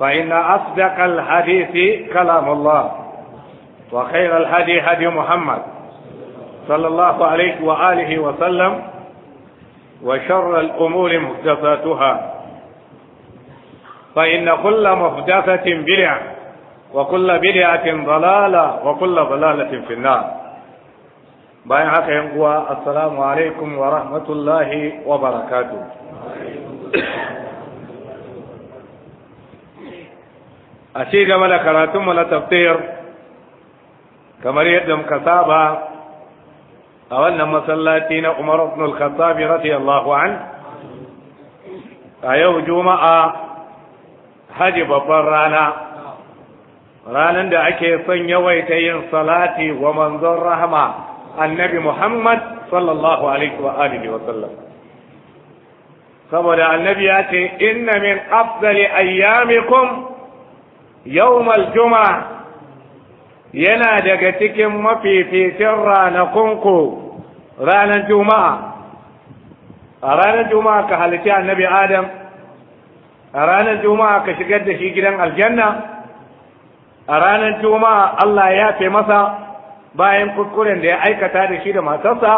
فإن أصدق الحديث كلام الله وخير الهدي هدي محمد صلى الله عليه وآله وسلم وشر الأمور محدثاتها فإن كل محدثة بدعة وكل بدعة ضلالة وكل ضلالة في النار باين حقهم السلام عليكم ورحمة الله وبركاته a ce gaba da karatunmu na tafsir kamar yadda muka saba a wannan masallaci na Umar ibn al radiyallahu an a yau juma'a haji babban rana ranar da ake son yawaita yin salati wa manzon rahama annabi Muhammad sallallahu alaihi wa alihi wa sallam saboda annabi ya ce inna min afzali ayyamikum yawmal juma'a yana daga cikin mafificin ranakunku ranar juma'a a ranar juma'a ka halitta annabi adam a ranar juma'a ka shigar da shi gidan aljanna a ranar juma'a Allah ya masa bayan kuskuren da ya aikata da shi da matarsa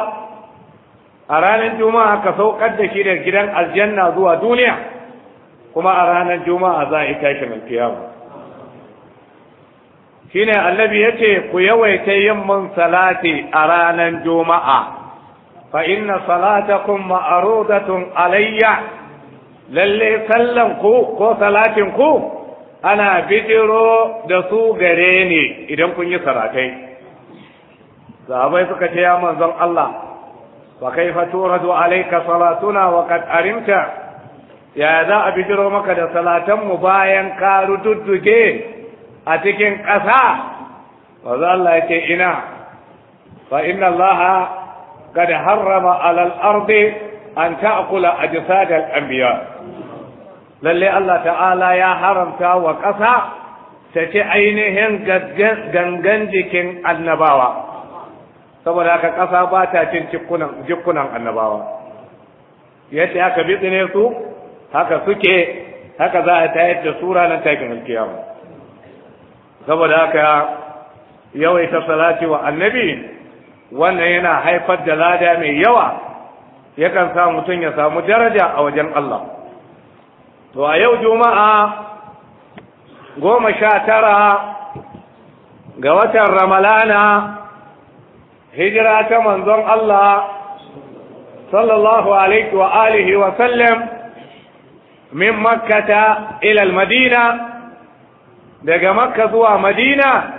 a ranar juma'a ka saukar da shi da gidan aljanna zuwa duniya kuma a ranar juma'a za a yi tashin alkiyama shine annabi yace ku yawaita yin mun salati a ranar juma'a fa inna salatakum ma'rudatun alayya lalle sallan ku ko salatin ku ana bidiro da su gare ni idan kun yi salatai sahabai suka ce ya manzon Allah wa kaifa turadu alayka salatuna wa qad arimta ya za a bidiro maka da salatan mu bayan ka rududduge a cikin ƙasa wanzu Allah ya ce ina fa inna Allah kad harrama alal ardi an ta'kula ajsad al anbiya lalle Allah ta'ala ya haramta wa ƙasa ta ci ainihin gangan jikin annabawa saboda haka ƙasa ba ta cin jikunan annabawa yadda aka bitsine su haka suke haka za a tayar da su ranar takin alkiyama saboda haka yawaita salati wa annabi wannan yana haifar da lada mai yawa yakan sa mutum ya samu daraja a wajen Allah to a yau juma'a goma sha tara ga watan ramalana hijira ta manzon Allah sallallahu alaihi wa alihi wa sallam min makkata ila al-madina daga makka zuwa madina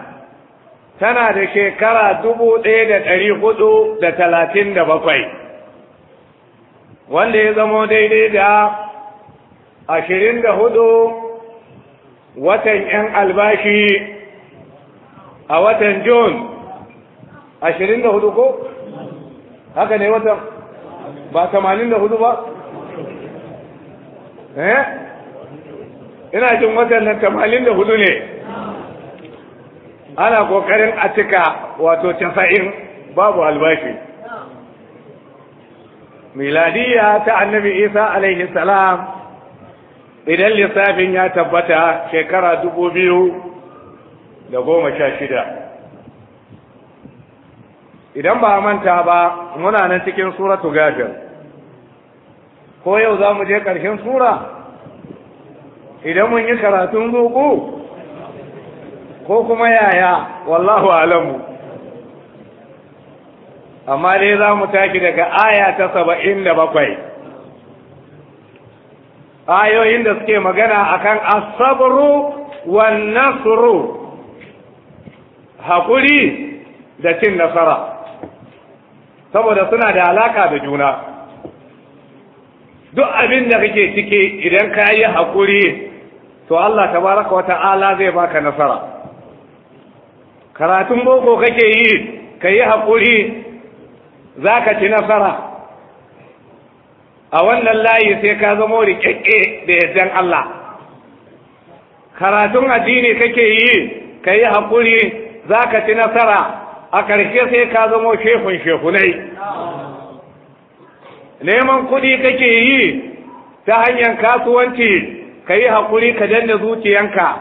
tana da shekara dubu ɗaya da ɗari hudu da talatin da bakwai wanda ya zamo daidai da ashirin da hudu watan yan albashi a watan Jun ashirin da hudu ko haka ne watan ba tamanin da hudu ba eh ina jin waɗannan tamalin da hudu ne ana ƙoƙarin a cika wato casa'in babu albashi miladiya ta annabi isa alaihi salam idan lissafin ya tabbata shekara dubu biyu da goma sha shida idan ba manta ba muna nan cikin suratu gafir ko yau za mu je ƙarshen sura idan mun yi karatun boko ko kuma yaya wallahu alamu amma dai za mu tafi daga aya ta saba'in da bakwai ayoyin da suke magana akan asabru wan nasru haƙuri da cin nasara saboda suna da alaka da juna duk abin da kake ciki idan ka yi haƙuri to Allah tabaraka wata ala zai baka nasara karatun boko kake yi ka yi haƙuri za ka ci nasara a wannan layi sai ka zama riƙeƙe da yardan Allah karatun addini kake yi ka yi haƙuri za ka ci nasara a ƙarshe sai ka zama shehun shehunai neman kuɗi kake yi ta hanyar kasuwanci ka yi haƙuri ka danna zuciyanka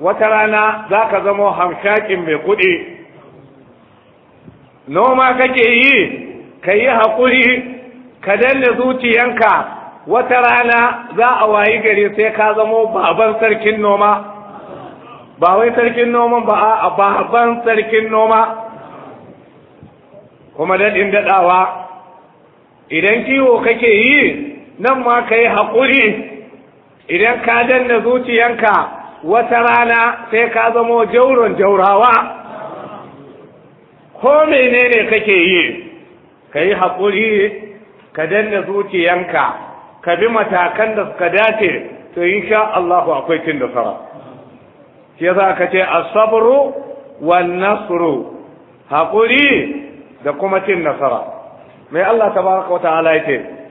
wata rana za ka zama hamshakin mai kuɗi noma kake yi ka yi haƙuri ka danna zuciyanka wata rana za a wayi gari sai ka zama baban sarkin noma ba wai sarkin noman ba a baban sarkin noma kuma daɗin daɗawa idan kiwo kake yi nan ma ka yi haƙuri idan ka danna zuciyanka wata rana sai ka zamo jauron jaurawa ko menene kake yi ka yi haƙuri ka danna zuciyanka ka bi matakan da suka dace to sha Allahu akwai cin nasara shi yasa ka ce asabru wa nasru haƙuri da kuma cin nasara mai Allah tabaraka wa ta'ala yake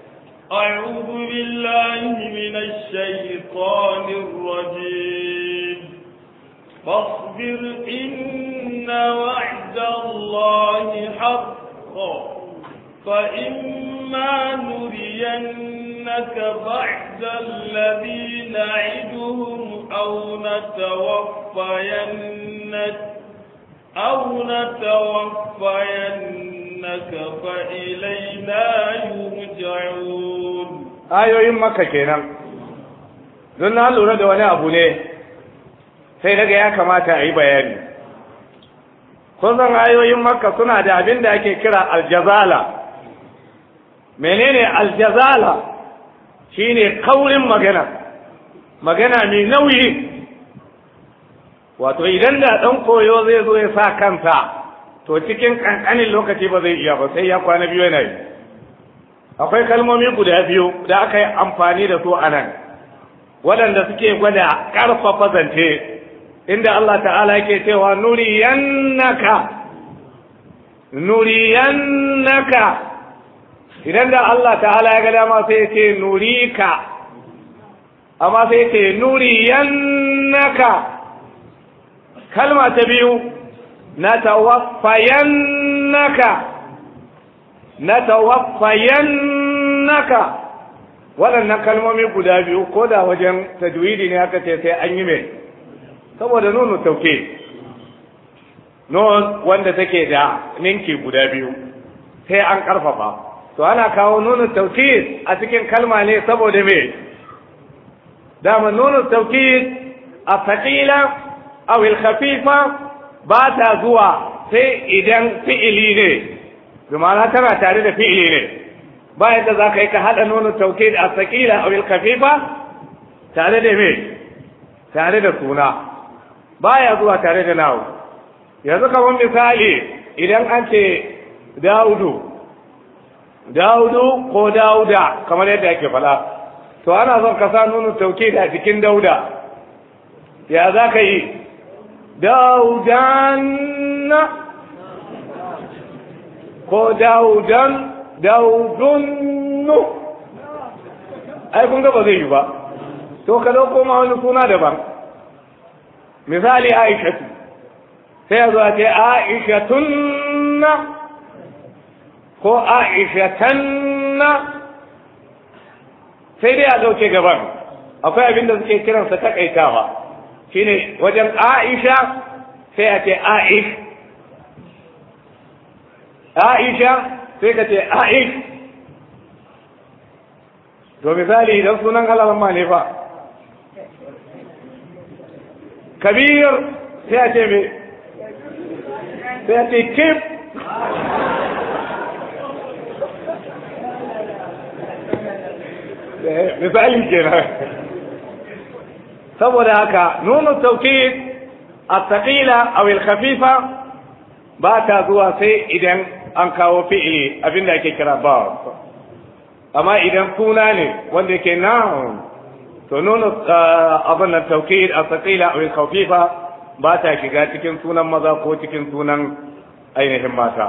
أعوذ بالله من الشيطان الرجيم فاصبر إن وعد الله حق فإما نرينك بعد الذين نعدهم أو نتوفينك أو نتوفينك فإلينا يرجعون ayoyin maka kenan don na lura da wani abu ne sai daga ya kamata a yi bayani kun san ayoyin makka suna da abin da ake kira aljazala menene aljazala shine kaurin magana magana mai nauyi wato idan da ɗan koyo zai zo ya sa kansa to cikin ƙanƙanin lokaci ba zai iya ba sai ya kwana biyu yana yi akwai kalmomi guda biyu da aka yi amfani da su a nan waɗanda suke gwada ƙarfafa zance inda Allah ta'ala yake cewa nuri yannaka idan da Allah ta'ala ya ga dama sai ya ce ka amma sai ya ce yannaka kalma ta biyu na tawaffayannaka na tawaffayannaka waɗannan kalmomi guda biyu ko da wajen tajwidi ne aka ce sai an yi mai saboda nuna tauke nun wanda take da ninki guda biyu sai an karfafa to ana kawo nuna tauke a cikin kalma ne saboda me dama nuna tauke a faƙila awil khafifa ba ta zuwa sai idan fi'ili ne bimana tana tare da fi'ili ne ba yadda za ka yi ka haɗa nono tauke da asakila awil khafifa tare da me tare da suna baya zuwa tare da nawo yanzu kamar misali idan an ce daudu daudu ko dauda kamar yadda ake faɗa to ana son ka sa nono tauke da jikin dauda ya za ka yi daudan ko daudan daudunnu ai zai yi ba to ka dauko ma wani suna daban misali aishatu sai ya zo a ce aishatunna ko aishatanna sai dai a dauke gaban akwai abin da suke kiransa takaitawa shine wajen aisha sai a ce aish aisha sai ka ce aish to misali idan sunan alamma ne fa kabir sai a ce me sai a ce kif misali kenan saboda haka nunu tawkid at-thaqila aw al-khafifa ba ta zuwa sai idan an kawo fi'ili abinda ake kira ba amma idan suna ne wanda yake noun to nunu ah, abin tawkid at-thaqila aw al-khafifa ba ta shiga cikin sunan maza ko cikin sunan ainihin mata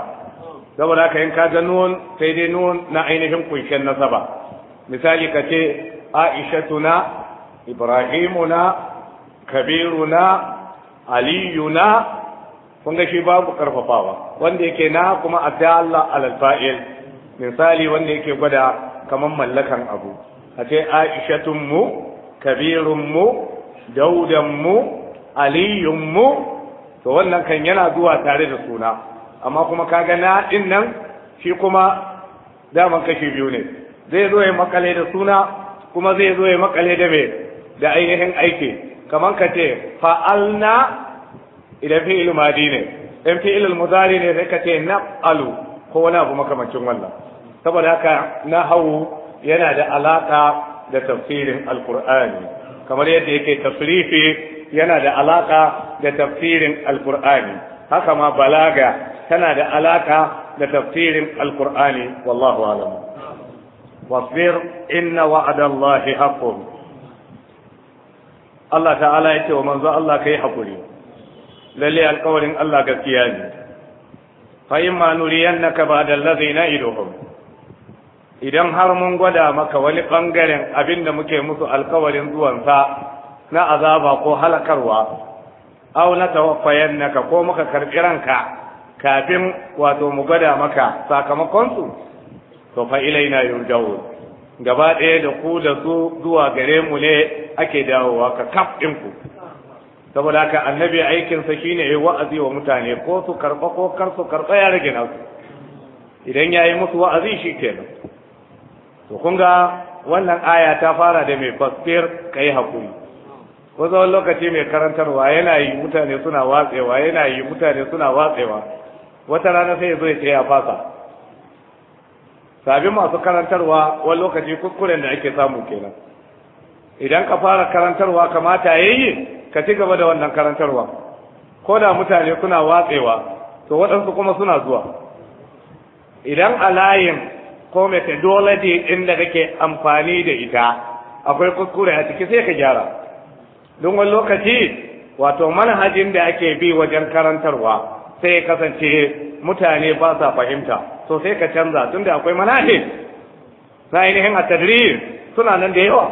saboda haka in ka ga nun sai dai nun na ainihin kunshen nasaba misali ka ce Aisha aishatuna ibrahimuna na Aliyu na ga shi babu karfafawa wanda yake na kuma adda Allah al fa'il misali wanda yake gwada kamar mallakan abu a ce aishatun mu kabirun mu daudan mu aliyun mu to wannan kan yana zuwa tare da suna amma kuma kaga na din nan shi kuma daman kashi biyu ne zai zo ya makale da suna kuma zai zo ya makale da me da ainihin aiki kamar ka ce fa'alna idan fi'il madi ne in fi'il mudari ne sai ka ce naf'alu ko wani abu makamancin wannan saboda haka na hawu yana da alaka da tafsirin alqur'ani kamar yadda yake tasrifi yana da alaka da tafsirin alqur'ani haka ma balaga tana da alaka da tafsirin alqur'ani wallahu a'lam wasbir inna wa'adallahi haqqun Allah ta'ala ya ce wa manzo Allah kai hakuri lalle alƙawarin Allah gaskiya ne fa in ma nuriyannaka ba'da allazi na'iduhum idan har mun gwada maka wani bangaren abinda muke musu alƙawarin zuwansa na azaba ko halakarwa aw na tawaffayannaka ko muka karɓi ranka kafin wato mu gwada maka sakamakonsu to fa ilaina yurja'un gaba ɗaya da ku da su zuwa gare mu ne ake dawowa ka kaf ɗinku saboda haka annabi aikinsa shine ya wa'azi wa mutane ko su karɓa ko kar su karɓa ya rage nasu idan ya yi musu wa'azi shi kenan to kun ga wannan aya ta fara da mai fasfir ka yi haƙuri ko tsawon lokaci mai karantarwa yana yi mutane suna watsewa yana yi mutane suna watsewa wata rana sai ya zo ce ya fasa sabi masu karantarwa wani lokaci kuskuren da ake samu kenan idan ka fara karantarwa kamata ya yi ka ci gaba da wannan karantarwa ko da mutane kuna watsewa to waɗansu kuma suna zuwa idan a layin ko methodology ɗin da kake amfani da ita akwai kuskure a ciki sai ka gyara don wani lokaci wato manhajin da ake bi wajen karantarwa sai ya kasance mutane ba sa fahimta so sai ka canza tunda akwai manahij na ainihin atadrir suna nan da yawa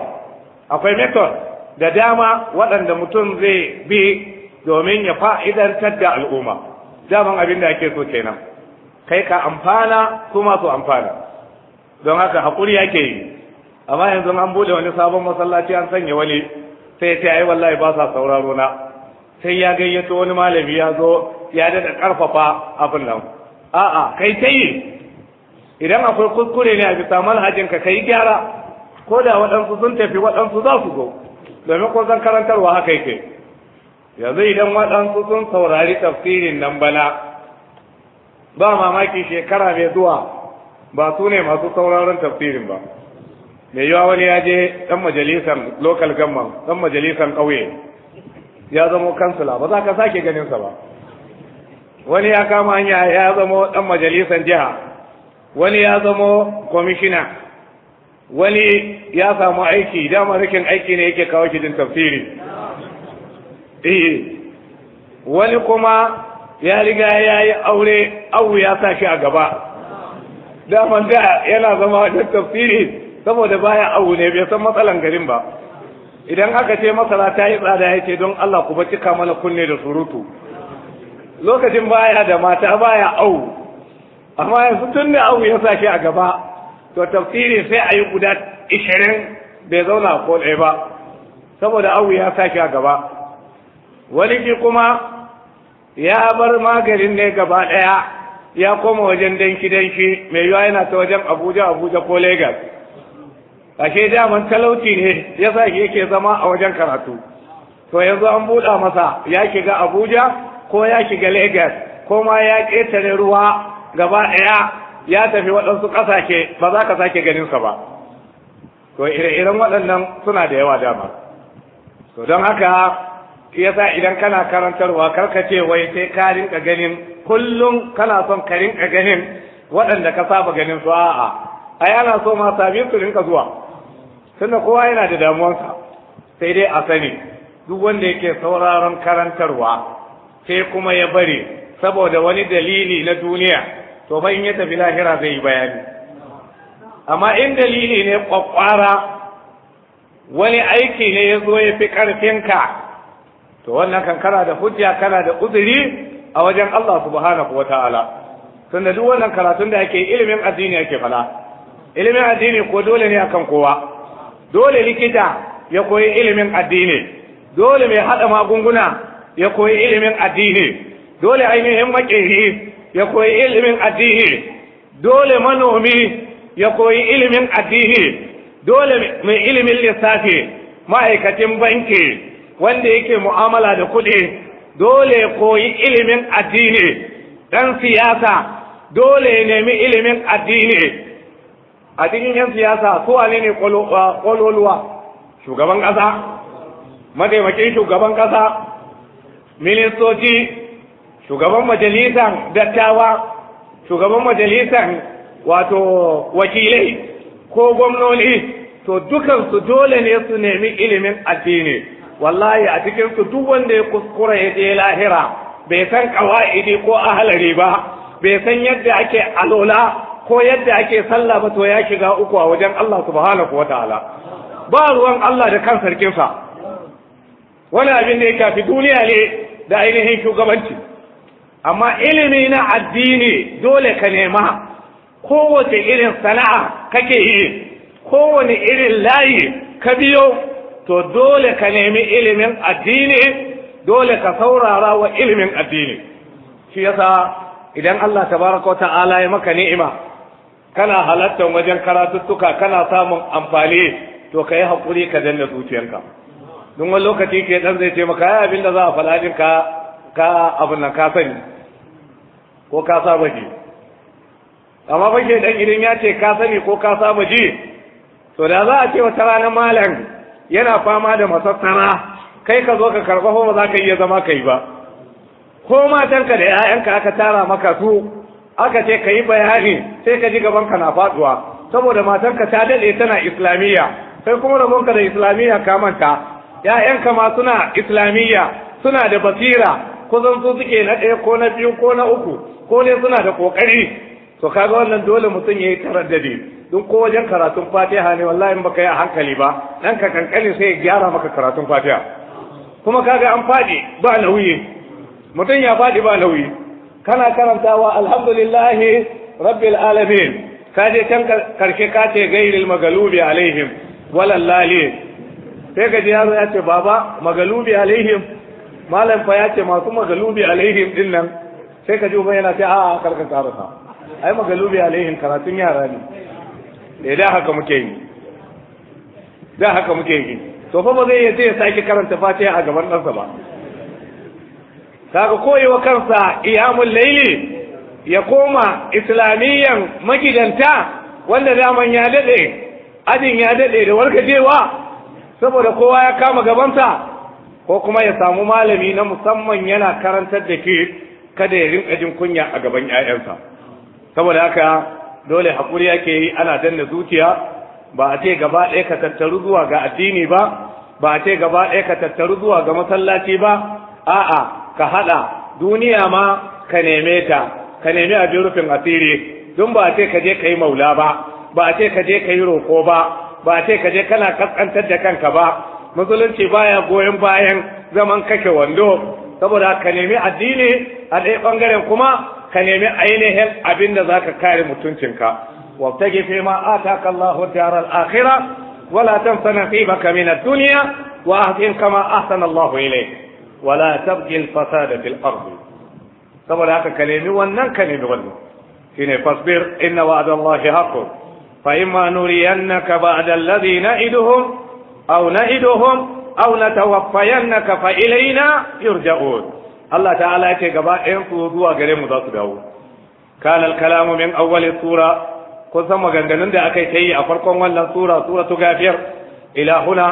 akwai method da dama waɗanda mutum zai bi domin ya fa'idantar da al'umma daman abin da ake so kenan kai ka amfana su masu amfana don haka haƙuri yake yi amma yanzu an buɗe wani sabon masallaci an sanya wani sai ta ce wallahi ba sa sauraro na sai ya gayyato wani malami ya zo ya daɗa ƙarfafa abin nan a'a kai ta idan akwai kuskure ne a bisa manhajin ka kai gyara ko da waɗansu sun tafi waɗansu za su zo domin ko zan karantarwa haka yake yanzu idan waɗansu sun saurari tafsirin nan bana ba mamaki shekara mai zuwa ba su ne masu sauraron tafsirin ba mai yawa wani ya je ɗan majalisan local government ɗan majalisan ƙauye ya zama kansila ba za ka sake ganinsa ba wani ya kama hanya ya zama ɗan majalisar jiha wani ya zama kwamishina wani ya samu aiki dama rikin aiki ne yake kawo jin tafsiri eh wani kuma ya riga ya yi aure au ya sa shi a gaba Dama da yana zama wajen tafsiri saboda baya awu ne bai san matsalan garin ba idan aka ce masara ta yi tsada ya ce don Allah ku baci mana kunne da surutu lokacin baya da mata baya au amma yanzu tun da au ya sake a gaba to tafsiri sai a yi guda 20 bai zauna ko ɗaya ba saboda au ya sake a gaba wani ki kuma ya bar maganin ne gaba ɗaya ya koma wajen danki danki mai yiwa yana ta wajen abuja abuja ko Legas. ashe daman talauci ne ya sa shi yake zama a wajen karatu to yanzu an buɗa masa ya shiga abuja ko ya shiga lagos ko ma ya ƙetare ruwa gaba ɗaya ya tafi waɗansu ƙasashe ba za ka sake ganinsa ba to ire-iren waɗannan suna da yawa dama to don haka yasa idan kana karantarwa karka ce wai sai ka rinka ganin kullum kana son ka rinka ganin waɗanda ka saba ganin su a'a ai ana so ma sabi su rinka zuwa tunda kowa yana da damuwarsa sai dai a sani duk wanda yake sauraron karantarwa sai kuma ya bari saboda wani dalili na duniya to ba in ya tafi lahira zai yi bayani amma in dalili ne kwakwara wani aiki ne ya zo ya fi ƙarfinka to wannan kan kana da hujja kana da uzuri a wajen Allah subhanahu wa ta'ala tunda duk wannan karatun da ake ilimin addini ake fala ilimin addini ko dole ne akan kowa dole likita ya koyi ilimin addini dole mai haɗa magunguna ya koyi ilimin addini dole ainihin makeri ya koyi ilimin addini dole manomi ya koyi ilimin addini dole mai ilimin lissafi ma'aikacin banki wanda yake mu'amala da kuɗi dole ya koyi ilimin addini ɗan siyasa dole ya nemi ilimin addini a cikin 'yan siyasa su wane ne kwalwalwa shugaban ƙasa mataimakin shugaban ƙasa ministoci shugaban majalisan dattawa shugaban majalisan wato wakilai ko gwamnoni to dukansu dole ne su nemi ilimin addini wallahi a cikinsu duk wanda ya kuskura ya je lahira bai san kawa'idi ko ahalari ba bai san yadda ake alola ko yadda ake sallah ba to ya shiga uku a wajen Allah subhanahu wa ba ruwan Allah da kan sarkinsa wani abin da ya kafi duniya ne da ainihin shugabanci amma ilimi na addini dole ka nema kowace irin sana'a kake yi kowane irin layi ka biyo to dole ka nemi ilimin addini dole ka saurara wa ilimin addini shi yasa idan Allah tabaraka wa ta'ala ya maka ni'ima kana halattar wajen karatuttuka kana samun amfani to ka yi haƙuri ka danna zuciyarka don wani lokaci ke dan zai ce maka ya abin da za a faɗa ka ka abin nan ka sani ko ka saba ji amma ba ke dan idan ya ce ka sani ko ka saba ji to da za a ce wata rana malam yana fama da masassara kai ka zo ka karɓa ba za ka iya zama kai ba ko matanka da 'ya'yanka aka tara maka su aka ce ka yi bayani sai ka ji gabanka na faduwa saboda matarka ta dade tana islamiyya sai kuma rabonka da islamiyya ka manta ya'yanka ma suna islamiyya suna da basira kusan su suke na ɗaya ko na biyu ko na uku ko ne suna da ƙoƙari to kaga wannan dole mutum ya yi taraddadi duk ko wajen karatun fatiha ne wallahi in baka yi a hankali ba ɗan ka kankani sai ya gyara maka karatun fatiha kuma kaga an faɗi ba nauyi mutum ya faɗi ba nauyi kana karantawa alhamdulillahi rabbil alamin ka je can karshe ka ce gairil magalubi alaihim walallali sai ka je yaro ya ce baba magalubi alaihim malam fa ya ce masu magalubi alaihim din nan sai ka ji uban yana ce a'a karka karasa ai magalubi alaihim karatun yara ne eh, da haka muke yi da haka muke yi to fa ba zai iya sai ya sake karanta fatiha a gaban ɗansa ba kaga koyewa kansa iyamun laili ya koma islamiyyan magidanta wanda daman ya daɗe ajin ya daɗe da warkajewa saboda kowa ya kama gabansa ko kuma ya samu malami na musamman yana karantar da ke kada ya rinka jin kunya a gaban 'ya'yansa saboda haka dole haƙuri yake yi ana danna zuciya ba a ce gaba ɗaya ka tattaru zuwa ga addini ba ba a ce gaba ɗaya ka tattaru zuwa ga masallaci ba a'a ka haɗa duniya ma ka neme ta ka nemi a rufin asiri don ba a ce ka je ka yi maula ba ba a ce ka je ka yi roƙo ba ba a ce ka je kana kaskantar da kanka ba musulunci baya goyon bayan zaman kake wando saboda ka nemi addini a ɗaya ɓangaren kuma ka nemi ainihin abin da za ka kare mutuncinka wata gefe ma ataka Allahu jarar akhira wala tansa nasibaka min ad-dunya wa ahdin kama ahsana Allahu ilayk wala tabqi fasa da fil saboda haka ka nemi wannan ka nemi wannan shine fasbir inna wa'dallahi haqqun fa imma nuriyannaka ba'da alladhi na'iduhum aw na'iduhum aw natawaffayannaka fa ilayna yurja'un Allah ta'ala ya ce gaba ɗayan su zuwa gare mu za su dawo kana al-kalamu min awwali sura kun san maganganun da aka yi ta yi a farkon wannan sura sura tu gafiyar ila huna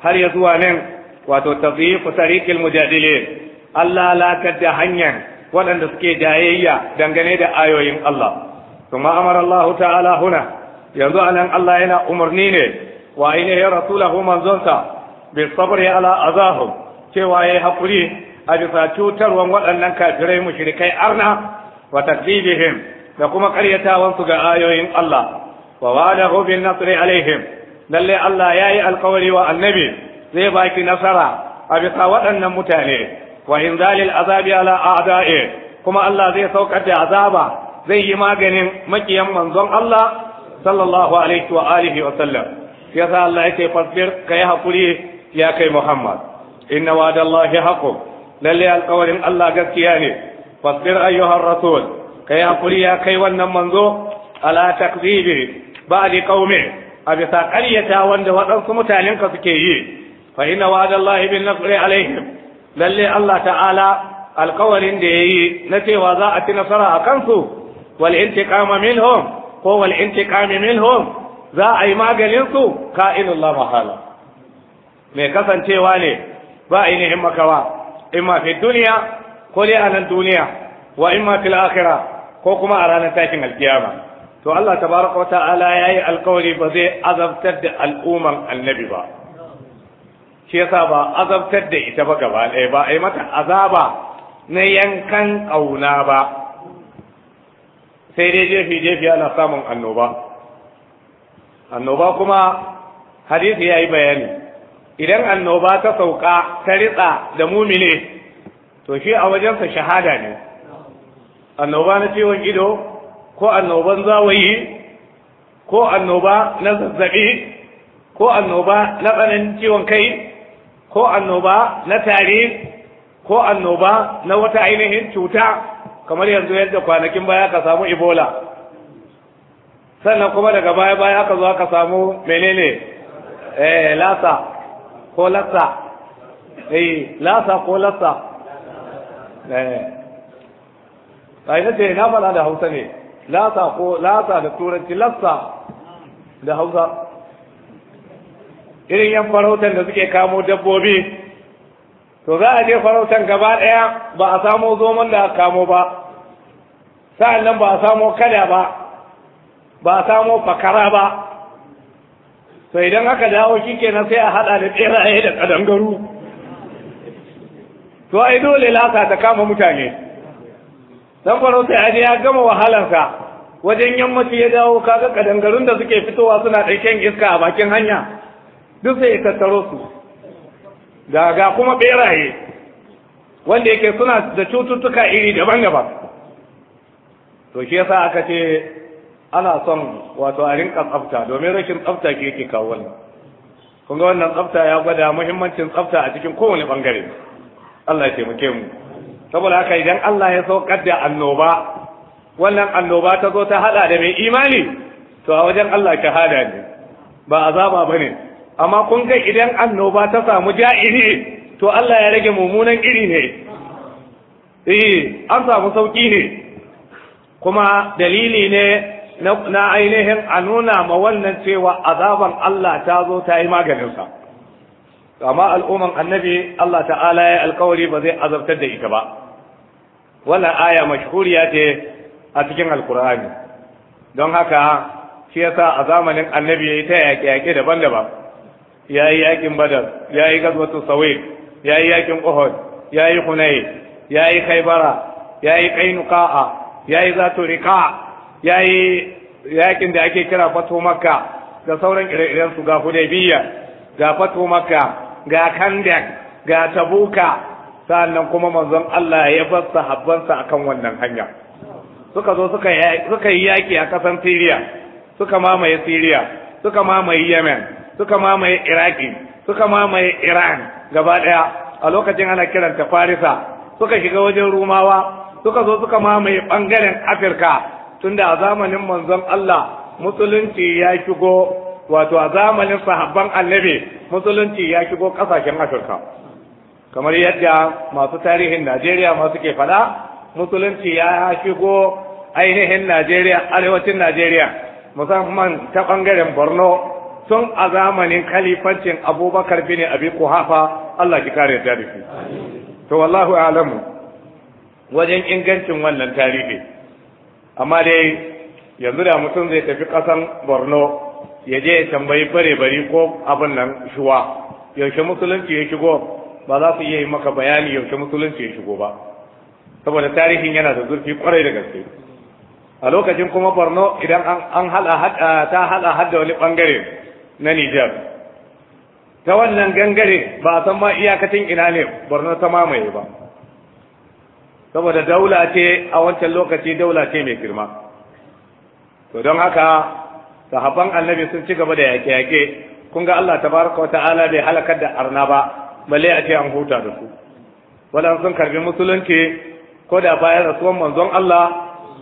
har ya zuwa nan wato tadhiqu tariqil mujadilin Allah lakar da hanyar waɗanda suke jayayya dangane da ayoyin Allah kuma amara Allah ta'ala huna yanzu anan Allah yana umarni ne wa ya rasulahu manzonsa bi sabri ala azahum cewa yayi hakuri a bisa cutarwan waɗannan kafirai mushrikai arna wa takdibihim da kuma ƙaryatawan su ga ayoyin Allah wa wa'adahu bin nasri alaihim lalle Allah yayi alƙawari wa annabi zai baki nasara a bisa waɗannan mutane wa inzalil azabi ala a'da'i kuma Allah zai saukar da azaba zai yi maganin makiyan manzon Allah sallallahu alaihi wa alihi wa sallam yasa Allah yake fasbir kai hakuri ya kai Muhammad inna wa'dallahi haqqun lalle alƙawarin Allah gaskiya ne fasbir ayyuhar rasul kai hakuri ya kai wannan manzo ala takzibi ba'di qaumi a bisa ƙaryata wanda waɗansu mutanenka suke yi fa inna wa'adallahi bin nasri alaihim lalle Allah ta'ala alkawarin da yayi na cewa za a ci nasara a kansu wal intiqama minhum ko wal intiqami minhum za a yi maganin su ka'inullah mahala mai kasancewa ne ba ainihin makawa imma fi duniya ko dai a duniya wa imma fil akhirah ko kuma a ranar takin alkiyama to Allah tabaraka wa ta'ala yayi alkawari ba zai azabtar da al'umman annabi ba shi yasa ba azabtar da ita ba gaba ɗaya ba ai mata azaba na yankan ƙauna ba sai dai jefi jefi ana samun annoba annoba kuma hadisi ya yi bayani idan annoba ta sauka ta ritsa da mumine to shi a wajensa shahada ne annoba na ciwon ido ko annoban zawayi ko annoba na zazzabi ko annoba na tsananin ciwon kai ko annoba na tari ko annoba na wata ainihin cuta kamar yanzu yadda kwanakin baya ka samu ebola sannan kuma daga baya baya aka zo aka samu menene eh lasa ko lasa eh lasa ko lasa eh ai na na fara da hausa ne lasa ko lasa da turanci lasa da hausa irin yan farautan da suke kamo dabbobi to za a je farautan gaba ɗaya ba a samo zomon da aka kamo ba sa'an nan ba a samo kada ba ba a samo fakara ba to idan aka dawo shikenan sai a haɗa da tseraye da ƙadangaru to ai dole lasa ta kama mutane dan farautar ya je ya gama wahalarsa wajen yammaci ya dawo kaga kadangarun da suke fitowa suna ɗauken iska a bakin hanya duk sai ya tattaro su ga ga kuma beraye wanda yake suna da cututtuka iri daban-daban to shi yasa aka ce ana son wato a rinka tsafta domin rashin tsafta ke yake kawo wannan kun ga wannan tsafta ya gwada muhimmancin tsafta a cikin kowane bangare Allah ya taimake mu saboda haka idan Allah ya saukar da annoba wannan annoba ta zo ta hada da mai imani to a wajen Allah ka hada ne ba azaba bane amma kun ga idan annoba ta samu ja'iri to Allah ya rage mummunan iri ne eh an samu sauki ne kuma dalili ne na ainihin a nuna ma wannan cewa azaban Allah ta zo ta yi maganinsa amma al'umman annabi Allah ta'ala ya alkawari ba zai azabtar da ita ba wannan aya mashhuriya ce a cikin alkur'ani don haka shi yasa a zamanin annabi ya yi ta yaƙe-yaƙe daban-daban ya yi yakin badar ya yi gazwatu sawil ya yi yakin uhud ya yi hunay ya yi khaybara ya yi qainuqa'a ya yi zatu rika ya yi yakin da ake kira fatu makka da sauran ire-iren su ga hudaybiyya ga fatu makka ga kandak ga tabuka sannan kuma manzon Allah ya bar sahabbansa akan wannan hanya suka zo suka yi yaki a kasan Syria suka mamaye Syria suka mamaye Yemen suka mamaye iraki suka mamaye iran gaba daya a lokacin ana kiranta farisa suka shiga wajen rumawa suka zo suka mamaye bangaren afirka tunda a zamanin manzon allah musulunci ya shigo wato a zamanin sahabban annabi musulunci ya shigo kasashen afirka kamar yadda masu tarihin najeriya ma suke fada musulunci ya shigo ainihin najeriya arewacin najeriya musamman ta bangaren borno tun a zamanin kalifancin abubakar bin abi kuhafa Allah ki kare da shi to wallahu a'lamu wajen ingancin wannan tarihi amma dai yanzu da mutum zai tafi kasan borno ya je ya tambayi bare bari ko abin nan shuwa yaushe musulunci ya shigo ba za su iya yi maka bayani yaushe musulunci ya shigo ba saboda tarihin yana da zurfi kwarai da gaske a lokacin kuma borno idan an hada ta hada hada wani bangare na Nijar ta wannan gangare ba a san ma iyakacin ina ne Borno ta mamaye ba saboda daula ce a wancan lokaci daula ce mai girma to don haka sahabban annabi sun ci gaba da yaƙe-yaƙe kun ga Allah tabaraka wa ta'ala bai halakar da arna ba balle a ce an huta da su wadan sun karbi musulunci ko da bayan rasuwan manzon Allah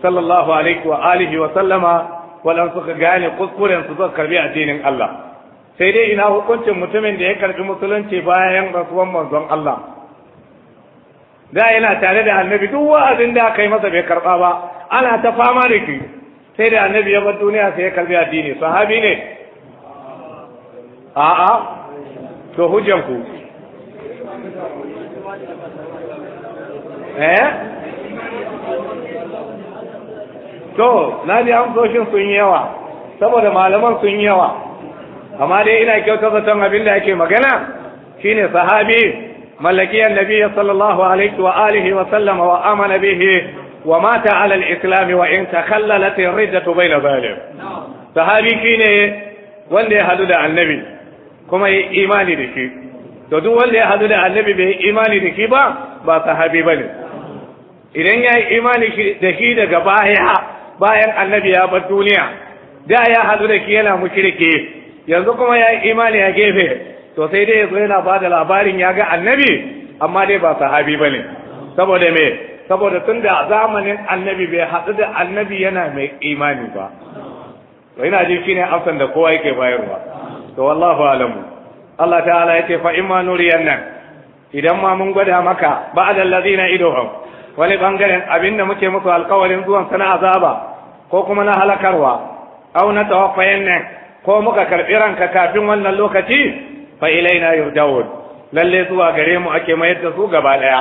sallallahu alaihi wa alihi wa sallama waɗansu suka gane kuskuren su suka karbi addinin Allah sai dai ina hukuncin mutumin da ya karbi musulunci bayan rasuwan manzon Allah da yana tare da annabi duk wa'azin da aka yi masa bai karba ba ana ta fama da ki sai da annabi ya bar duniya sai ya karbi addini sahabi ne a'a to hujjan ku eh to na ji amsoshin sun yi yawa saboda malaman sun yi yawa amma dai ina kyauta zaton abin da ake magana shine sahabi sallallahu alaihi wa alihi wa صلى wa amana وآله wa mata به ومات wa in takhallalat ar-riddatu بين zalim sahabi shine wanda ya hadu da annabi kuma ya imani da shi to duk wanda ya hadu da annabi bai imani da shi ba ba sahabi bane idan ya yi imani da shi daga baya bayan annabi ya bar duniya da ya hadu da ki yana mushriki yanzu kuma ya yi imani a gefe to sai dai yazo yana bada labarin ya ga annabi amma dai ba sahabi bane saboda me saboda tun da zamanin annabi bai hadu da annabi yana mai imani ba to ina jin shine amsan da kowa yake bayarwa to wallahu alamu Allah ta'ala ya ce, fa imma nuriyan nan idan ma mun gwada maka ba'dal ladina idohum wani bangaren abin da muke musu alkawarin zuwan sana azaba ko kuma na halakarwa au na tawaffayan ne ko muka karɓi ranka kafin wannan lokaci fa ilaina yurjaun lalle zuwa gare mu ake mayar da su gaba ɗaya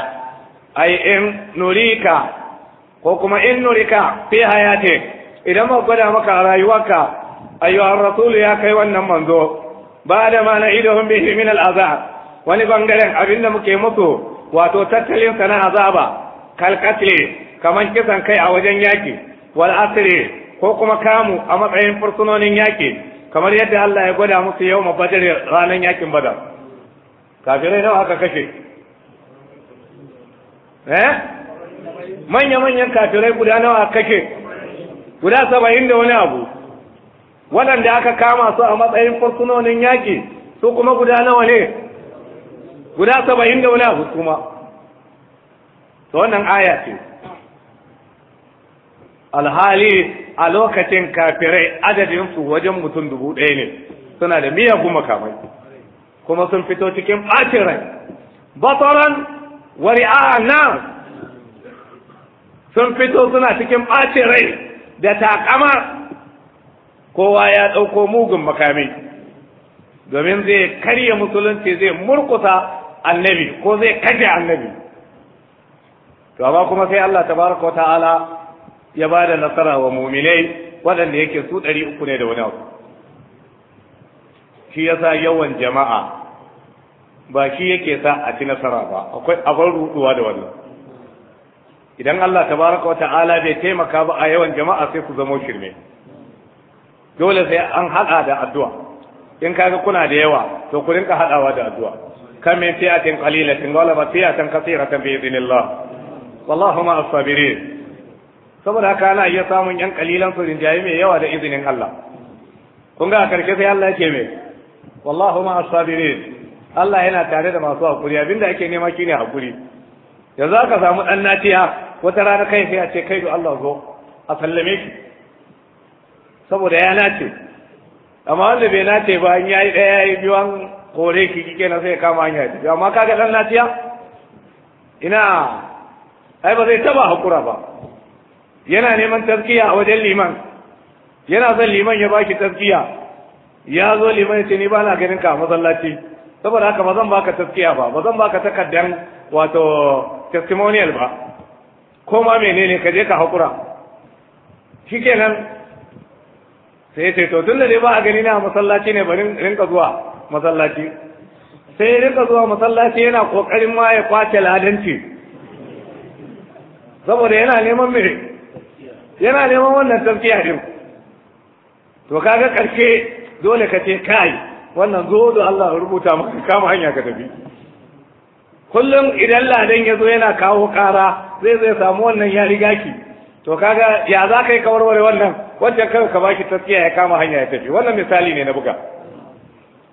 ai in nurika ko kuma in nurika fi hayati idan mu gwada maka a rayuwarka ar rasul ya kai wannan manzo ba da ma na bihi min al-azab wani bangaren abin da muke musu wato tattalin sana azaba kalkatle kamar kisan kai a wajen yaƙi wal asri ko kuma kamu a matsayin fursunonin yaƙi kamar yadda Allah ya gwada musu yau ma badar ranar yaƙin badar kafirai nawa aka kashe eh manya-manyan kafirai guda nawa aka kashe guda saba'in da wani abu waɗanda aka kama su a matsayin fursunonin yaƙi su kuma guda nawa ne guda saba'in da wani abu kuma to wannan aya ce alhali a lokacin kafirai adadin su wajen mutum dubu ɗaya ne suna da goma makamai kuma sun fito cikin ɓacin rai bataran wari'a na sun fito suna cikin ɓacin rai da takama kowa ya ɗauko mugun makami domin zai karya musulunci zai murkusa annabi ko zai kaje annabi to amma kuma sai Allah tabaraka wa ta'ala ya ba da nasara wa mu'minai waɗanda yake su ɗari uku ne da wani abu shi yasa yawan jama'a ba shi yake sa a ci nasara ba akwai abin ruɗuwa da wannan idan Allah tabaraka wa ta'ala bai taimaka ba a yawan jama'a sai ku zamo shirme dole sai an haɗa da addu'a in kaga kuna da yawa to ku rinka haɗawa da addu'a kamin min fi'atin qalilatin ba fi'atan kathiratan bi idhnillah wallahu ma as-sabirin saboda haka ana iya samun yan kalilan su rinjaye mai yawa da izinin Allah kun ga a karshe sai Allah yake mai wallahu ma as-sabirin Allah yana tare da masu hakuri abinda ake nema shine hakuri yanzu aka samu dan natiya wata rana kai sai a ce kai Allah zo a sallame ki saboda ya nace amma wanda bai nace ba an yayi daya yayi biyu an kore ki kike na sai kama hanya amma kaga dan natiya ina ai ba zai taba hakura ba yana neman tazkiya a wajen liman yana son liman ya baki tazkiya ya zo liman ya ce ni ba na ganin ka a masallaci saboda haka ba zan baka tazkiya ba ba zan baka takaddan wato testimonial ba ko ma menene ka je ka hakura shikenan sai ce to tun da dai ba a gani na masallaci ne ba rinka zuwa masallaci sai rinka zuwa masallaci yana kokarin ma ya kwace ladanci saboda yana neman me yana neman wannan tafiya din to kaga karshe dole ka ce kai wannan zo da Allah rubuta maka kama hanya ka tafi kullum idan ladan ya zo yana kawo kara zai zai samu wannan ya riga ki to kaga ya za ka yi kawarware wannan wajen kawai ka baki taskiya ya kama hanya ya tafi wannan misali ne na buga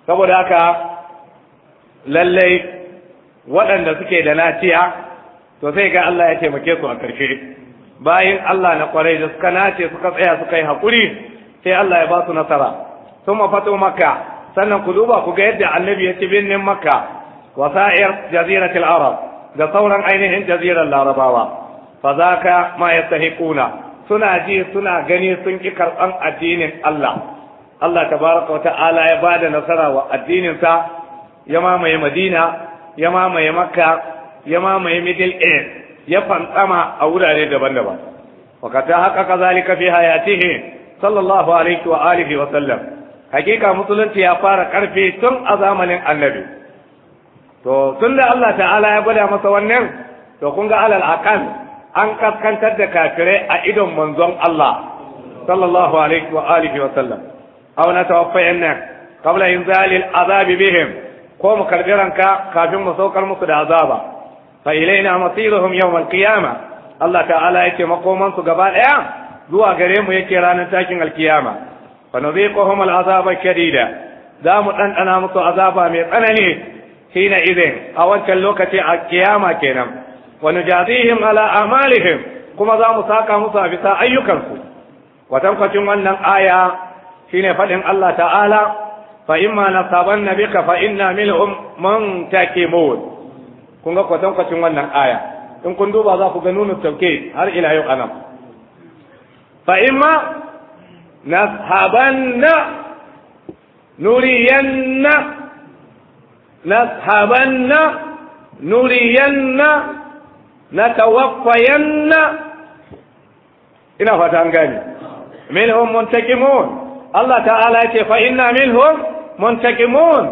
saboda haka lallai waɗanda suke da lafiya to sai ga Allah ya taimake su a ƙarshe. bayan Allah na kwarai da suka nace suka tsaya suka yi hakuri sai Allah ya ba su nasara sun mafato maka sannan ku duba ku ga yadda annabi ya ci birnin maka. wa sa'ir jaziratul arab da sauran ainihin jazirar larabawa fa zaka ma yastahiquna suna ji suna gani sun ki karɓan addinin Allah Allah tabaraka wa ta'ala ya da nasara wa addininsa ya mamaye Madina ya mamaye Makka ya mamaye middle east ya fantsama a wurare daban-daban wakata haka kazalika fi hayatihi sallallahu alaihi wa alihi wa sallam hakika musulunci ya fara karfi tun a zamanin annabi to da Allah ta'ala ya gwada masa wannan to kun ga alal aqal an kaskantar da kafirai a idon manzon Allah sallallahu alaihi wa alihi wa sallam aw na tawaffayanna qabla inzali al bihim ko mu karbi ranka kafin mu saukar musu da azaba fa ilaina masiruhum yawmal qiyama Allah ta'ala yake makoman su gaba daya zuwa gare mu yake ranar takin alkiyama fa nuziquhum al'azaba kadida za mu dandana musu azaba mai tsanani hina idin a wancan lokaci a kiyama kenan wa nujazihim ala amalihim kuma za mu saka musu a bisa ayyukansu kwatankwacin wannan aya shine faɗin Allah ta'ala fa imma nasabanna bika fa inna minhum muntakimun kun ga kwatankwacin wannan aya in kun duba za ku ga nuna tauke har ila yau anan fa imma nashabanna nuriyanna nashabanna nuriyanna natawaffayanna ina fata an gani minhum muntakimun Allah ta'ala yace ce fa inna minhum muntakimun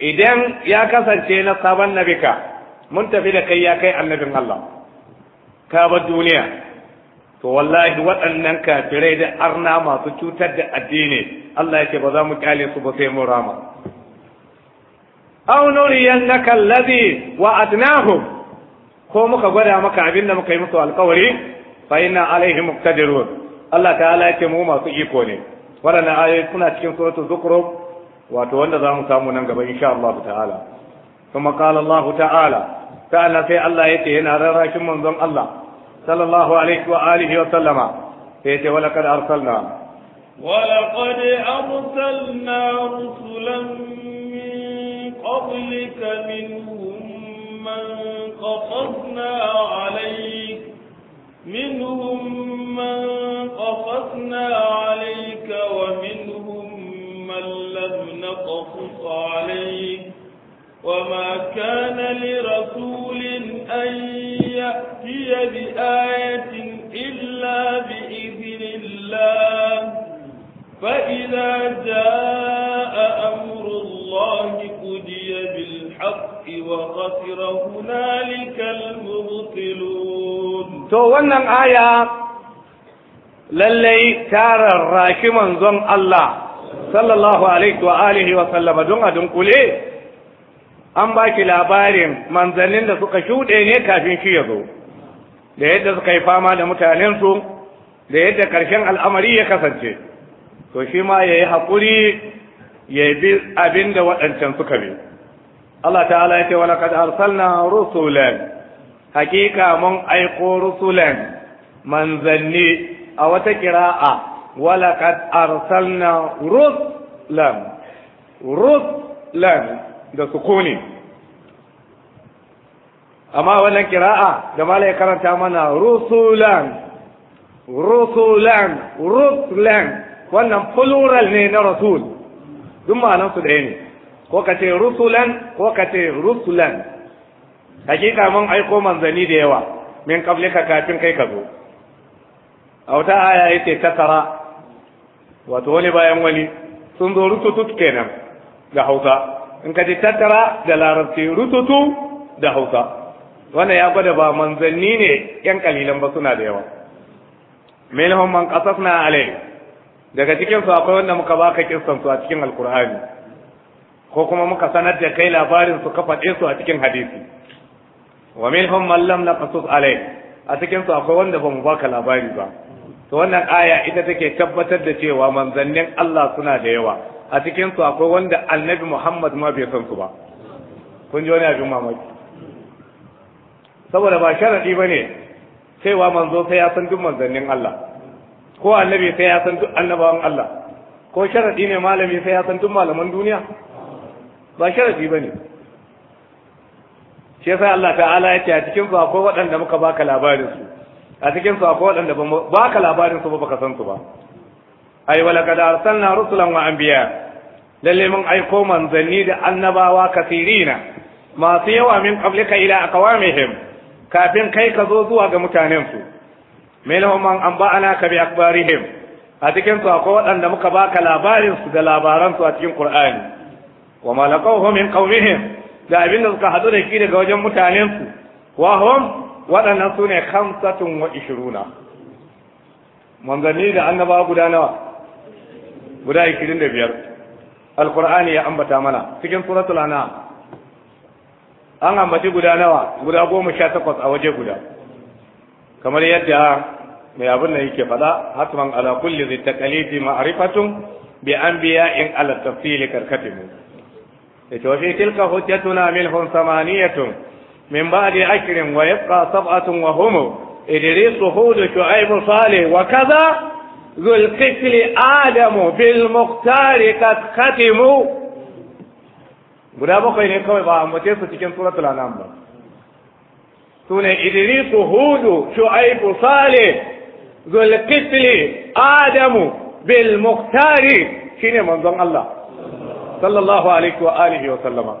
idan ya kasance na sabon nabika mun tafi da kai ya kai annabin Allah ka bar duniya to wallahi waɗannan kafirai da arna masu cutar da addini Allah yake ba za mu kyale su ba sai mu rama aw nuriyannaka alladhi wa'adnahum ko muka gwada maka abin da muka yi musu alkawari fa inna alaihim muqtadirun Allah ta'ala yake mu masu iko ne waɗannan ayoyi suna cikin suratul zukhruf wato wanda za mu samu nan gaba insha Allah ta'ala kuma qala Allah ta'ala فأنا في الله يتهن من منظم الله صلى الله عليه وآله وسلم فيتي ولقد أرسلنا ولقد أرسلنا رسلا من قبلك منهم من قصصنا عليك منهم من قصصنا عليك ومنهم من لم نقصص عليك وما كان لرسول أن يأتي بآية إلا بإذن الله فإذا جاء أمر الله أدي بالحق وغفر هنالك المبطلون تولنا الآية للي كار الراكمان ظن الله صلى الله عليه وآله وسلم دون أدنقل إيه an ba ki labarin manzannin da suka shuɗe ne kafin shi ya zo da yadda suka yi fama da mutanensu da yadda ƙarshen al'amari ya kasance to shi ma ya yi haƙuri ya bi abin da waɗancan suka bi Allah ta'ala ya ce wa laqad arsalna rusulan hakika mun aiko rusulan manzanni a wata kira'a wa laqad arsalna rusulan rusulan da sukuni amma wannan kira'a da mala ya karanta mana rusulan rusulan rusulan wannan fulural ne na rasul duk ma'anan su ɗaya ne ko ka ce rusulan ko ka ce rusulan hakika mun aiko manzani da yawa min kaflika kafin kai ka zo a wata aya yi ta tara wato wani bayan wani sun zo rututut kenan ga hausa in ka ji tattara da larabci rututu da hausa wannan ya gwada ba manzanni ne yan kalilan ba suna da yawa hum man qasasna alayh daga cikin su akwai wanda muka baka kissan su a cikin alqur'ani ko kuma muka sanar da kai labarin su ka faɗe su a cikin hadisi wa hum man lam naqasus alayh a cikin su akwai wanda bamu baka labari ba to wannan aya ita take tabbatar da cewa manzannin Allah suna da yawa a cikin su akwai wanda annabi Muhammad ma bai san su ba kun ji wani abin mamaki saboda ba sharadi bane cewa manzo sai ya san duk manzannin Allah ko annabi sai ya san duk annabawan Allah ko sharadi ne malami sai ya san duk malaman duniya ba sharadi bane shi yasa Allah ta'ala ya ce a cikin su akwai waɗanda muka baka labarin su a cikin su akwai waɗanda ba baka labarin su ba baka san su ba ai wala kad arsalna rusulan wa anbiya lalle mun aiko manzanni da annabawa kasirina masu yawa min qablika ila aqwamihim kafin kai ka zo zuwa ga mutanen su minhum man anba'ana ka bi akbarihim a cikin su akwai waɗanda muka baka labarin su da labaran su a cikin qur'ani wa ma laqawhu min qawmihim da abinda suka hadu da shi daga wajen mutanen su wa hum waɗannan su ne khamsatun wa ishiruna manzanni da annabawa guda nawa guda 25 alkur'ani ya ambata mana cikin suratul anam an ambaci guda nawa guda sha takwas a waje guda kamar yadda mai abin da yake faɗa hatman ala kulli zai taqalidi ma'rifatun bi anbiya'in ala tafsili karkatimu yace wa fi tilka hujjatuna minhum samaniyatun min ba'di akrin wa yabqa sab'atun wa hum idris hud Shu'aibu, salih wa kaza ذو Adamu آدم بالمختار قد ختموا guda bakwai ne kawai ba a su cikin suratul anam ba sune idrisu hudu shu'aibu salih zulkifli adamu bil muktari shine manzon Allah sallallahu alaihi wa alihi wa sallama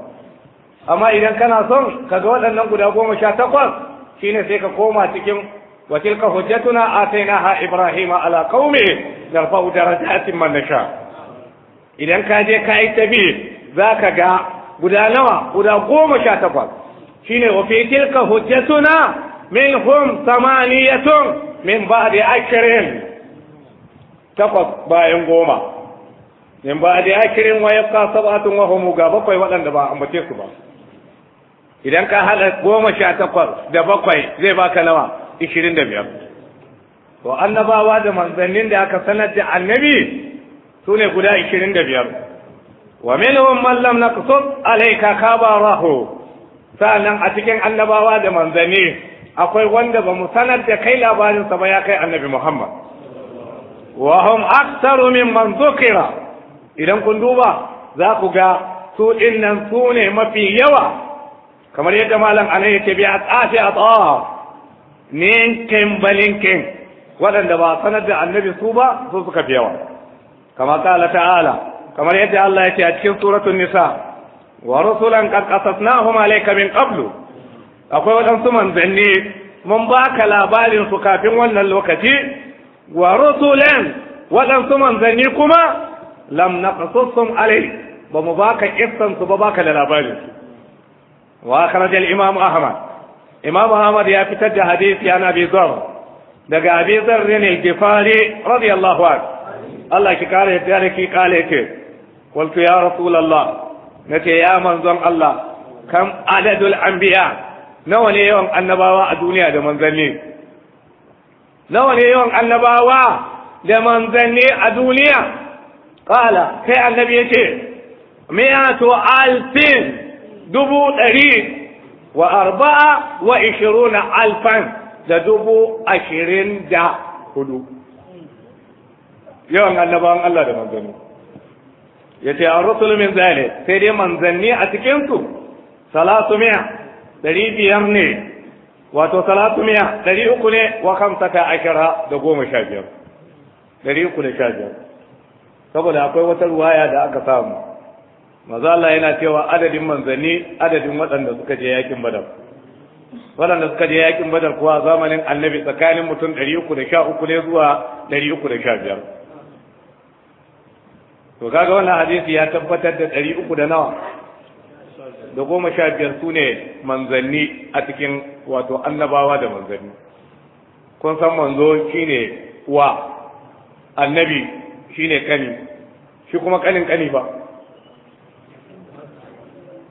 amma idan kana son kaga waɗannan guda goma sha takwas shine sai ka koma cikin وتلك حجتنا آتيناها إبراهيم على قومه نرفع درجات من نشاء إذا كان جاء كاي تبي ذاك جاء غدا نوا غدا قوم شاتفا شيني وفي تلك حجتنا منهم ثمانية من بعد عشرين تفض باين قوما من بعد عشرين ويبقى سبعة وهم غابقوا ولن دبا أمتيكم idan ka haɗa goma sha takwas da bakwai zai baka ishirin to annabawa da manzannin da aka sanar da annabi su ne guda ishirin da biyar wa minhum man lam naqsud alayka kabarahu sa'an a cikin annabawa da manzanni akwai wanda ba mu sanar da kai labarinsa ba ya kai annabi Muhammad wa hum aktsaru mimman dhukira idan kun duba za ku ga su dinnan su ne mafi yawa kamar yadda malam anan yake bi a tsafi a tsawar ninkin balinkin waɗanda ba sanar da annabi su ba su suka fi yawa kama kala ta'ala kamar yadda Allah ya ce a cikin suratun nisa wa rusulan qad qasasnahum alayka min qablu akwai waɗansu manzanni mun baka labarin su kafin wannan lokaci wa rusulan waɗansu manzanni kuma lam naqasussum alayk ba mu baka kissan ba baka da labarin su wa akhrajal imam ahmad imam ahmad ya fitar da hadisi ana bi daga abi zarri ne gifari radiyallahu anhu Allah ki kare yadda da ki kale yake qultu ya rasulullah nace ya manzon Allah kam adadul anbiya nawa ne yawan annabawa a duniya da manzanni nawa ne yawan annabawa da manzanni a duniya qala sai annabi yace mi'atu alfin dubu ɗari wa arba'a wa ishiruna alfan da dubu ashirin da hudu yawan annabawan Allah da manzanni ya ce an rasulu min zane sai dai manzanni a cikinsu salatu miya ɗari biyar ne wato salatu miya ɗari uku ne wa ta ashira da goma sha biyar ɗari uku da sha biyar saboda akwai wata ruwaya da aka samu maza Allah yana cewa adadin manzanni adadin waɗanda suka je yakin badar waɗanda suka je yakin badar kuwa zamanin annabi tsakanin mutum ɗari uku da sha uku ne zuwa ɗari uku da sha biyar to kaga wannan hadisi ya tabbatar da ɗari uku da nawa da goma sha biyar su ne manzanni a cikin wato annabawa da manzanni kun san manzo shine wa annabi shine kani shi kuma kanin kani ba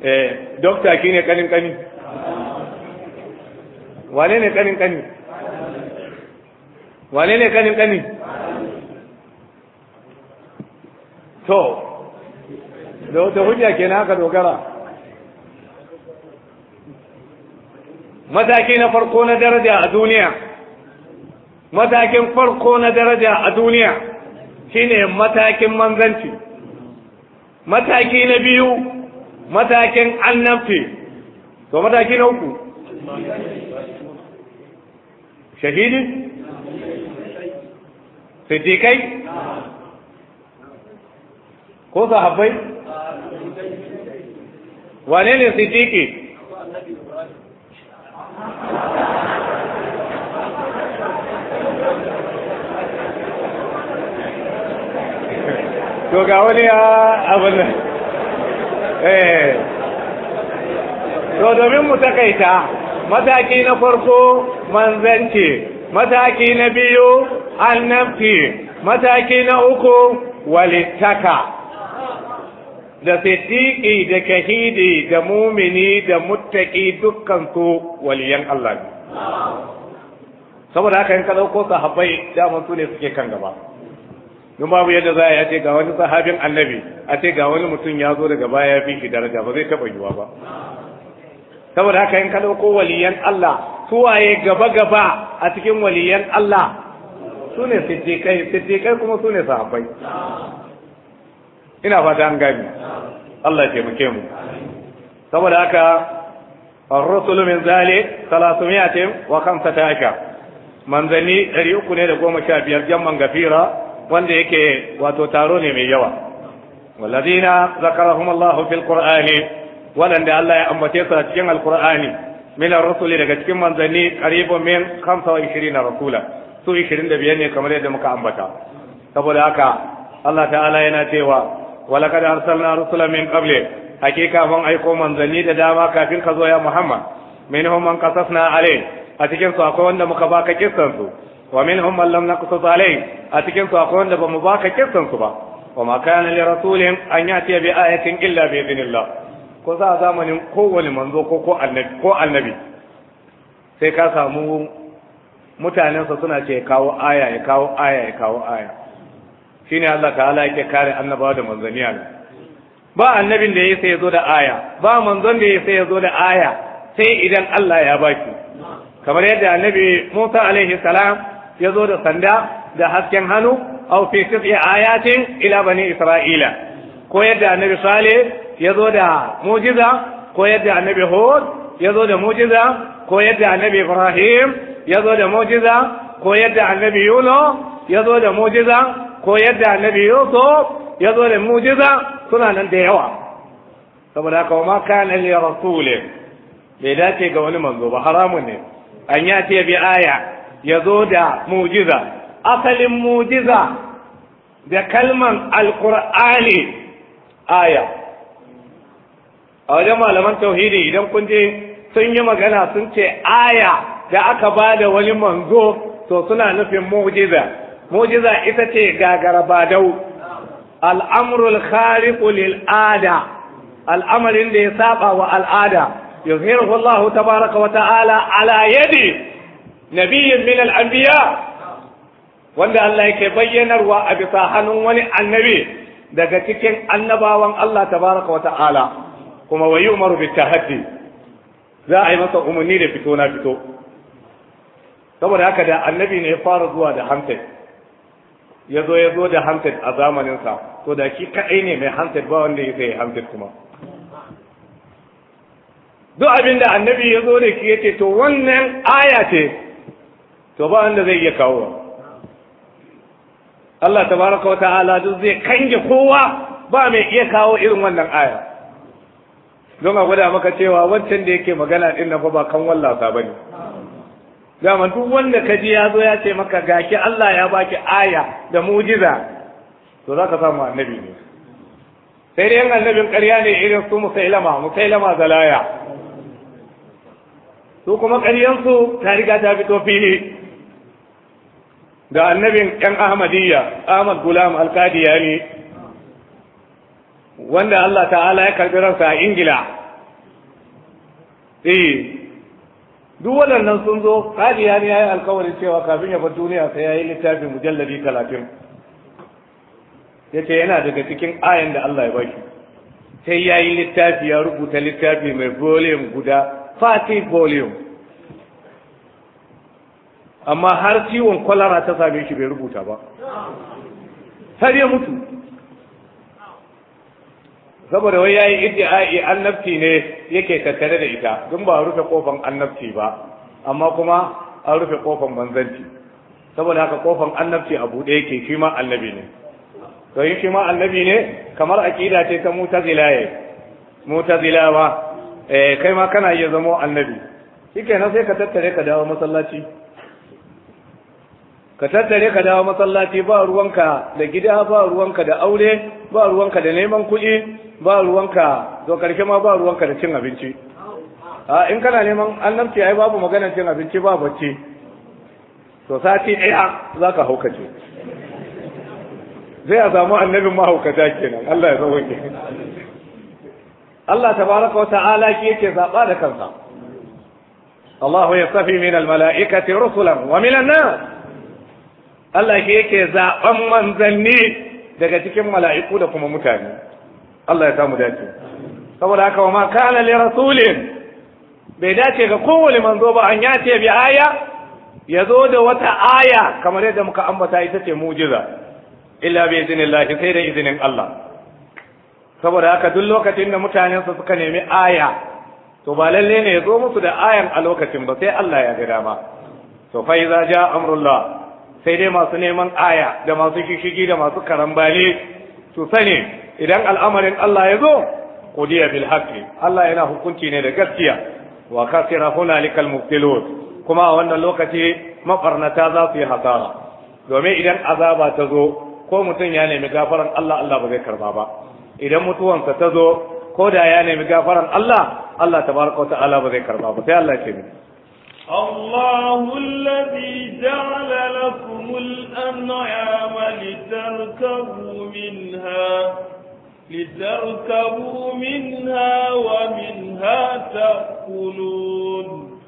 eh dokta ki ne kanin kani wane ne kanin kani wane ne kanin kani to da wata hujja haka dogara mataki na farko na daraja a duniya matakin farko na daraja a duniya shine matakin manzanci mataki na biyu matakin annabci to mataki na uku shahidi siddiƙai ko sahabbai wane ne siddiƙi to ga wani abin nan eh to domin mu takaita mataki na farko manzanci mataki na biyu annabci mataki na uku walittaka da siddiƙi da kahidi da mumini da muttaki dukkan su waliyan Allah saboda haka yin ka ɗauko sahabbai daman su ne suke kan gaba don babu yadda za a a ce ga wani sahabin annabi a ce ga wani mutum ya zo daga baya fi shi daraja ba zai taɓa yiwa ba saboda haka in kalo ko waliyan Allah waye gaba gaba a cikin waliyan Allah su ne siddiƙai siddiƙai kuma su ne sahabbai ina fata an gani Allah ya taimake mu saboda haka الرسل من ذلك ثلاثمائة وخمسة عشر منزلي أريكم لكم شابير جمع غفيرا wanda yake wato taro ne mai yawa walladina zakarahum Allah fil qur'ani wanda Allah ya ambace su a cikin alqur'ani min ar-rusuli daga cikin manzanni qaribun min 25 rasula su 25 ne kamar yadda muka ambata saboda haka Allah ta'ala yana cewa walaqad arsalna rusula min qabli hakika mun aiko manzanni da dama kafin ka zo ya Muhammad minhum man qasasna alayh a cikin su akwai wanda muka baka kissan su wa minhum man lam naqsus alayhi a cikin su akwai wanda bamu baka kissan ba wa ma kana li rasulin an yati bi ayatin illa bi idnillah za zamanin kowane manzo ko ko annabi ko annabi sai ka samu mutanensa suna ce kawo aya kawo Allah kare annabawa da ba annabin da ya sai ya zo da aya ba manzon da ya sai ya zo da aya sai idan Allah ya baki kamar yadda annabi Musa alaihi salam يزور الصنداء ده حسكن هنو أو في سبع آيات إلى بني إسرائيل كويد النبي صالح يزور موجزة كويد النبي هود يزور موجزة كويد النبي إبراهيم يزور موجزة كويد النبي يونس يزور موجزة كويد النبي يوسف يزور موجزة سنة ندعوها saboda haka wa ma kana li rasulin bai dace ga wani manzo ba haramun ne an ya ce bi aya ya zo da mujiza asalin mujiza da kalman alkur'ani aya a wajen malaman tauhidi idan kun je sun yi magana sun ce aya da aka ba da wani manzo to suna nufin mujiza mujiza ita ce gagarabadau al'amrul khariqu lil ada al'amarin da ya saba wa al'ada yuzhiruhu Allah tabaraka wa ta'ala ala yadi nabiyyin min al-anbiya wanda Allah yake bayyanarwa a bisa hannun wani annabi daga cikin annabawan Allah tabaraka wata'ala kuma wa yu'maru bit tahaddi za a yi masa umarni da fito na fito saboda haka da annabi ne ya fara zuwa da hamsin ya zo ya zo da hamsin a zamaninsa to da shi kaɗai ne mai hamsin ba wanda ya sai hamsin kuma duk abin da annabi ya zo da shi ya to wannan aya ce to ba wanda zai iya kawo Allah tabaraka wa ta'ala duk zai kange kowa ba mai iya kawo irin wannan aya don a gwada maka cewa wancan da yake magana din na ba kan wallasa bane dama duk wanda ka ji ya zo ya ce maka gaki Allah ya baki aya da mujiza to zaka samu annabi ne sai dai yan annabin ƙarya ne irin su musailama musailama zalaya su kuma ƙaryansu ta riga ta fito fili Da annabin yan ahmadiyya ahmad gulam alkadiya ne wanda allah ta'ala ya karɓi ransa a ingila eh duk waɗannan sun zo kadiya ne ya yi alkawarin cewa kafin ya bar duniya sai ya yi littafin mujalladi talatin ya ce yana daga cikin ayan da allah ya baki sai ya yi littafi ya rubuta littafi mai volume guda 40 volume amma har ciwon kwalara ta same shi bai rubuta ba har ya mutu saboda wai yayi iddi'ai annabci ne yake tattare da ita don ba a rufe kofan annabci ba amma kuma an rufe kofan manzanci saboda haka kofan annabci a bude yake shi ma annabi ne to yin shi ma annabi ne kamar aqida ce ta mutazilaye mutazilawa eh kai ma kana iya zama annabi shikenan sai ka tattare ka dawo masallaci ka tattare ka dawo masallaci ba ruwanka da gida ba ruwanka da aure ba ruwanka da neman kuɗi ba ruwanka to karshe ma ba ruwanka da cin abinci a in kana neman annabci ai babu magana cin abinci ba bacci to sati ɗaya za ka haukace zai a samu annabin mahaukata kenan Allah ya sauke Allah tabaraka wa ta'ala ki yake zaɓa da kansa Allah ya safi min al-mala'ikati rusulan wa minan nan? nas Allah ke yake zaɓen manzanni daga cikin mala'iku da kuma mutane Allah ya samu dace saboda haka wa ma kana li rasulin bai dace ga kowane manzo ba an yace bi aya ya zo da wata aya kamar yadda muka ambata ita ce mujiza illa bi idinillah sai da izinin Allah saboda haka duk lokacin da mutanen su suka nemi aya to ba lalle ne ya zo musu da ayan a lokacin ba sai Allah ya ga dama to fa iza ja amrullah sai dai masu neman aya da masu shishigi da masu karambale su sani idan al'amarin Allah ya zo qudiya bil haqqi Allah yana hukunci ne da gaskiya wa kasira hunalikal mubtilun kuma a wannan lokaci mafarnata za su yi hasara domin idan azaba ta zo ko mutum ya nemi gafaran Allah Allah ba zai karba ba idan mutuwansa ta zo ko da ya nemi gafaran Allah Allah tabaraka wa ta'ala ba zai karba ba sai Allah ya ce الله الذي جعل لكم الأنعام لتركبوا منها لتركبوا منها ومنها تأكلون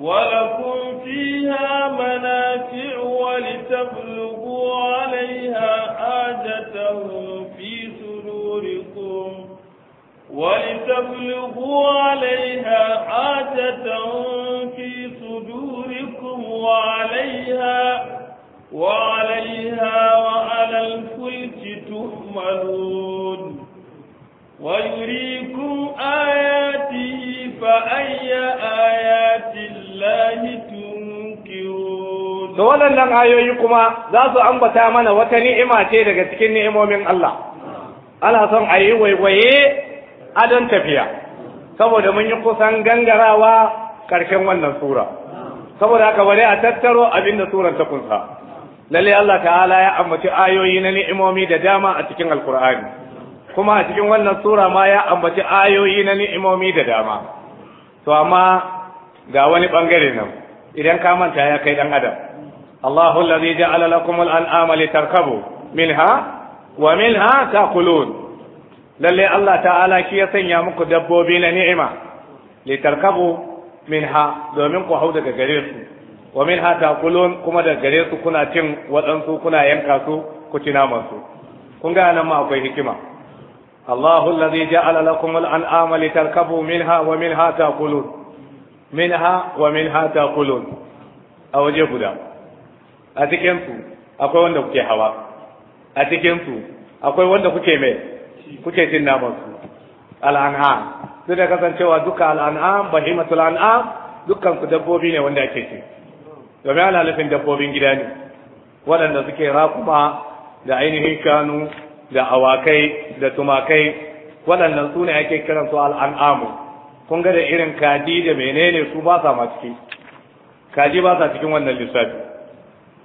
ولكم فيها منافع ولتبلغوا عليها حاجة في صدوركم ولتبلغوا عليها حاجة في صدوركم وعليها وعليها وعلى الفلك تحملون ويريكم آياته فأي آيات الله تنكرون دولة لن آيوكما ذات أنبتا من وتنئما تيدك تكن نئمو من الله ألا صنع أيوه ويه adon tafiya saboda mun yi kusan gangarawa ƙarshen wannan sura saboda haka bari a tattaro abin da suran ta kunsa lallai Allah ta'ala ya ambaci ayoyi na ni'imomi da dama a cikin alkur'ani kuma a cikin wannan sura ma ya ambaci ayoyi na ni'imomi da dama to amma ga wani bangare nan idan ka manta ya kai dan adam Allahu allazi ja'ala lakumul al-an'ama litarkabu minha wa minha taqulun lalle Allah ta'ala shi ya sanya muku dabbobi na ni'ima tarkabu minha domin ku hau daga gare su wa minha taqulun kuma daga gare su kuna cin waɗansu kuna yanka su ku ci naman su kun ga nan ma akwai hikima Allahu allazi ja'ala lakum al-an'ama tarkabu minha wa minha taqulun minha wa minha taqulun a waje guda a cikin su akwai wanda kuke hawa a cikin su akwai wanda kuke mai kuke jin na su Al'an'a su da kasancewa duka al'an'am bahimatul an'am dukkan ku dabbobi ne wanda ake ce, domin ana nufin dabbobin gida ne waɗanda suke rakuma da ainihin shanu da awakai da tumakai waɗannan su ne ake kiran su al'an'amu kun ga da irin kaji da menene su ba sa ma ciki kaji ba sa cikin wannan lissafi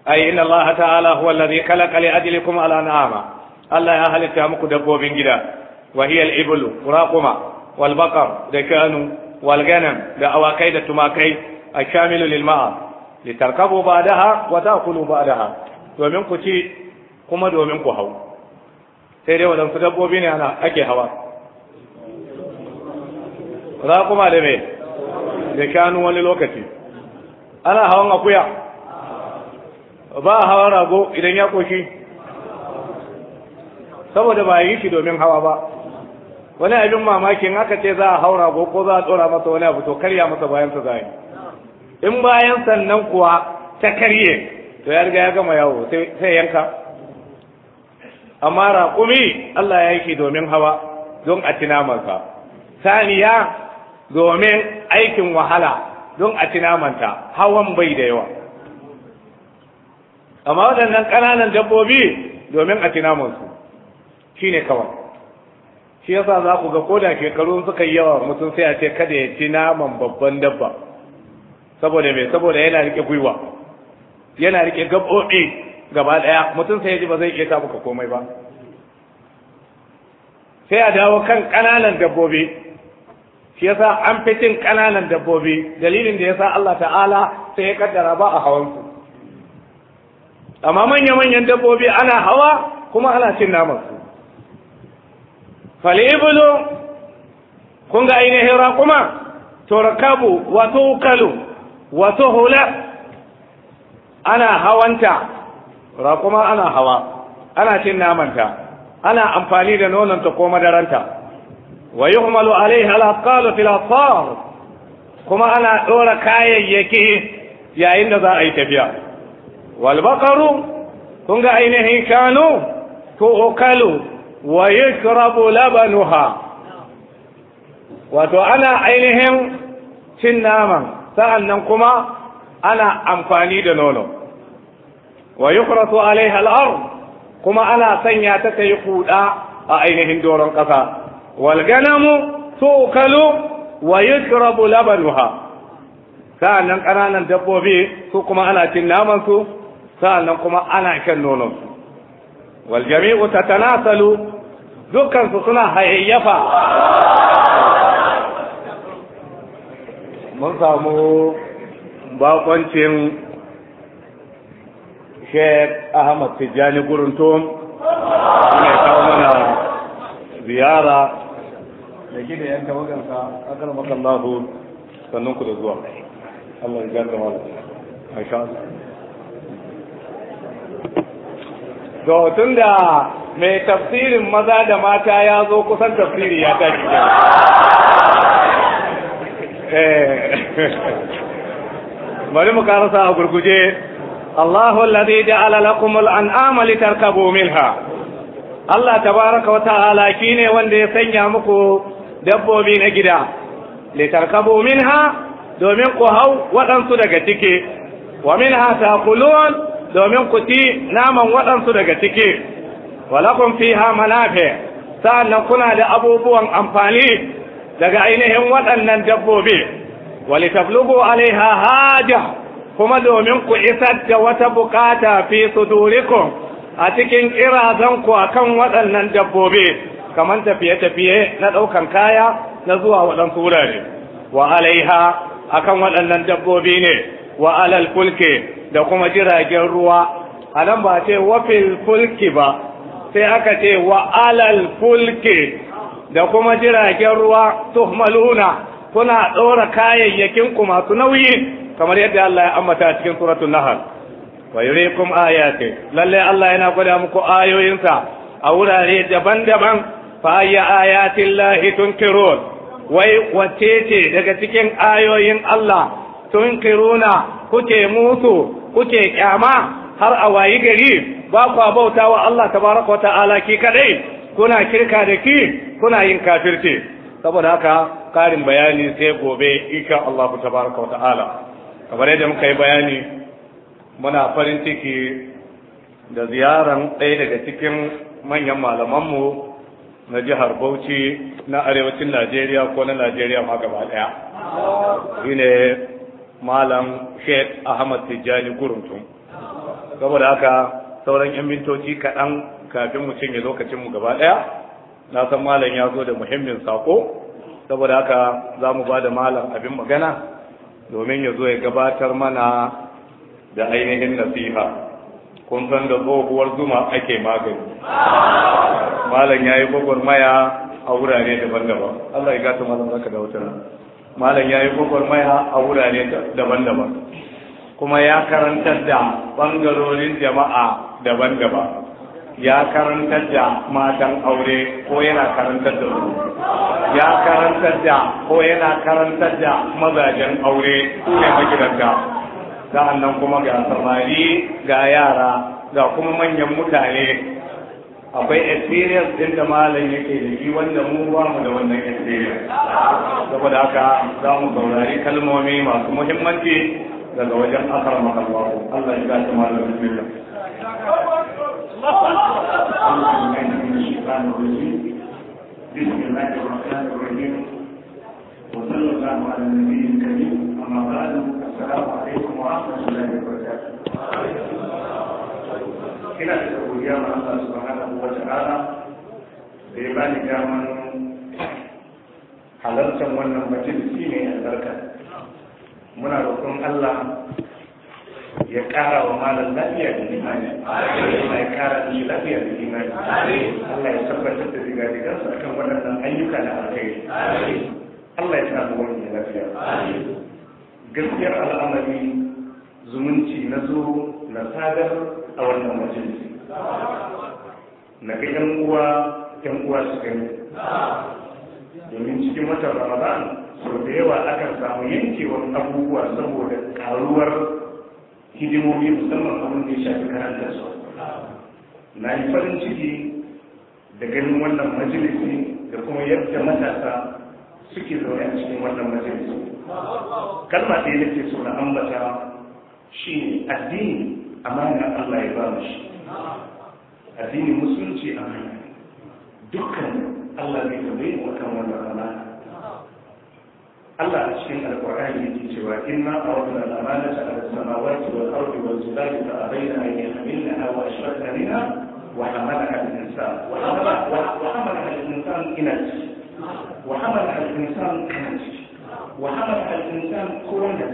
ai inna allaha ta'ala huwa allazi khalaqa li ajlikum al'an'ama Allah ya halitta muku dabbobin gida wa hiya al-iblu raquma wal baqar da kanu wal ganam da awakai da tumakai ashamilu lil ma'a litarkabu ba'daha wa ta'kulu ba'daha domin ku ci kuma domin ku hau sai dai wannan dabbobi ne ana ake hawa raquma da me da kanu wani lokaci ana hawan akuya ba hawan rago idan ya koshi saboda ba yi shi domin hawa ba wani abin mamakin haka ce za a haura ko ko za a dora masa wani abu to karya masa bayan sa zai in bayan sannan kuwa ta karye to ya riga ya gama yawo sai yanka amma raƙumi Allah ya yi domin hawa don a tina masa saniya domin aikin wahala don a manta hawan bai da yawa amma waɗannan ƙananan dabbobi domin a tinamansu Shi ne kawai shi yasa za ku ga koda shekaru suka yi yawa mutum sai a ce kada ya ci naman babban dabba saboda me saboda yana rike gwiwa yana rike gaboɗe gaba ɗaya mutum sai ya ji ba zai iya muka komai ba sai a dawo kan ƙananan dabbobi shi yasa an fi cin ƙananan dabbobi dalilin da yasa Allah ta'ala sai ya kaddara ba a hawansu amma manya-manyan dabbobi ana hawa kuma ana cin namansu falibulu kun ga ainihin raƙuma turkabu wato ukalu wato hula ana hawanta raƙuma ana hawa ana cin namanta ana amfani da nononta ko madaranta wa yuhmalu alaiha alaqalu fil kuma ana ɗora kayayyaki yayin da za a yi tafiya Walbakaru kun ga ainihin shanu to o'kalu. wa yukrabu labanuha wato ana ainihin cin naman sa'an nan kuma ana amfani da nono wa yukrasu alaiha al'ar kuma ana sanya ta ta yi kuɗa a ainihin doron ƙasa wal ganamu tukalu wa yukrabu labanuha sa'an nan ƙananan dabbobi su kuma ana cin namansu, sa'an nan kuma ana shan nonon su waljami'u ta tatanasalu dukkan su suna hayayyafa mun samu bakoncin Sheikh Ahmad Tijjani Guruntum ne kawo mana ziyara da gida yanka wagansa akar makallahu sannan ku da zuwa Allah ya gaza mana. Allah. to da mai tafsirin maza da mata ya zo kusan tafsiri ya tafi tashi eh. bari mu karasa a gurguje Allahu alladhi ja'ala lakum al-an'ama litarkabu minha Allah tabaraka wata ta'ala ne wanda ya sanya muku dabbobi na gida litarkabu minha domin ku hau waɗansu daga ciki wa minha taqulun domin ku ci naman waɗansu daga ciki walakun manafe manafi sa'annan kuna da abubuwan amfani daga ainihin waɗannan dabbobi walitablugu alaiha haja kuma domin ku isar da wata bukata fi su sudurikum a cikin kirazanku akan waɗannan dabbobi kamar tafiye-tafiye na ɗaukan kaya na zuwa waɗansu wurare wa alaiha akan waɗannan dabbobi ne wa alal fulke da kuma jiragen ruwa a nan ba ce wafil fulki ba sai aka ce wa'alal alal fulki da kuma jiragen ruwa tuhmaluna kuna ɗora kayayyakin ku masu nauyi kamar yadda Allah ya ambata cikin suratul nahl wa yuriikum ayati lalle Allah yana gwada muku ayoyinsa a wurare daban-daban fa ayya ayati llahi tunkirun wai wacece daga cikin ayoyin Allah tunkiruna kuke musu kuke kyama har a wayi gari ba ku bauta wa Allah tabaraka wa ta'ala ki kadai kuna kirka da ki kuna yin kafirce saboda haka karin bayani sai gobe insha Allah tabaraka wa ta'ala kamar yadda muka yi bayani muna farin ciki da ziyaran ɗaya daga cikin manyan malamanmu na jihar Bauchi na arewacin Najeriya ko na Najeriya ma gaba ɗaya shine malam sheikh ahmad tijjani guruntum saboda haka sauran yan mintoci kaɗan kafin mu cinye lokacin mu gaba ɗaya na san malam ya zo da muhimmin sako saboda haka za mu ba da malam abin magana domin ya zo ya gabatar mana da ainihin nasiha kun san da tsohuwar zuma ake magani malam ya yi gwagwarmaya a wurare daban-daban allah ya gata malam zaka da wutar malam ya yi gwagwarmaya a wurare daban-daban kuma ya karantar da ɓangarorin jama'a daban-daban ya karantar da matan aure ko yana karantar da su ya karantar da ko yana karantar da mazajen aure su ne magidanta sa'annan kuma ga samari ga yara ga kuma manyan mutane akwai experience din da malam yake da shi wanda mu ba mu da wannan experience saboda haka za mu saurari kalmomi masu muhimmanci daga wajen akar makalwa Allah ya gashi malam bismillah بسم ina da godiya ma Allah subhanahu wa ta'ala da ya bani daman halartar wannan majalisi ne albarka muna roƙon Allah ya ƙara wa malam lafiya da imani Allah ya ƙara ni lafiya da imani Allah ya tabbatar da digadigansa akan waɗannan ayyuka da na alkhairi Allah ya sa mu wani lafiya gaskiyar al'amari zumunci na zo na sadar a wannan majalisi na ga yan uwa yan uwa su gani domin cikin watan ramadan sau da yawa akan samu yankewar abubuwa saboda karuwar hidimomi musamman abin da ya shafi karanta su na yi farin ciki da ganin wannan majalisi da kuma yadda matasa suke zaune a cikin wannan majalisi kalma ɗaya da ke so na ambata shi addini amana Allah ya bamu shi addini musulunci amana dukkan Allah zai tambaye mu akan wannan amana Allah a cikin alƙur'ani yake cewa inna aradna al-amanata ala as-samawati wal ardi wal jibali fa abayna an yahmilnaha wa ashfaqna minha wa hamalaha al-insan wa hamalaha al-insan ina wa hamalaha al-insan kana wa hamalaha al-insan kowa na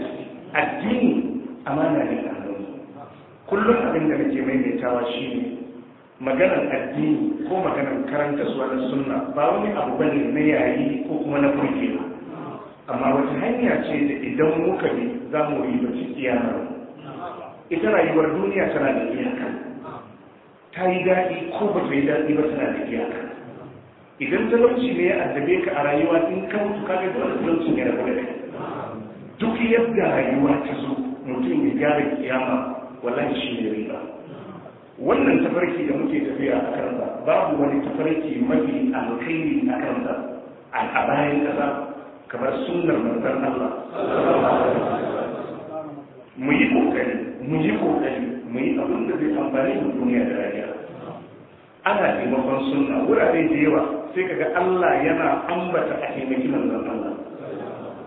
addini amana ne kullum abin da nake maimaitawa shi ne. maganar addini ko maganar karanta suwa na sunna ba wani abu ne na yayi ko kuma na ba. amma wata hanya ce da idan muka bi za mu yi bacci kiyama ita rayuwar duniya tana da iyaka ta yi daɗi ko ba ta yi daɗi ba tana da iyaka idan talauci ne ya addabe ka a rayuwa in ka mutu ka ga dole talaucin ya rabu da kai duk yadda rayuwa ta zo mutum ya gyara kiyama wallahi shi ne riba wannan tafarki da muke tafiya a kansa babu wani tafarki mafi alkhairi a kansa a bayan kasa kamar sunnar manzon Allah mu yi kokari mu yi kokari mu yi abin da zai amfani da duniya da rayuwa ana taimakon sunna wurare da yawa sai kaga Allah yana ambata a taimaki manzon Allah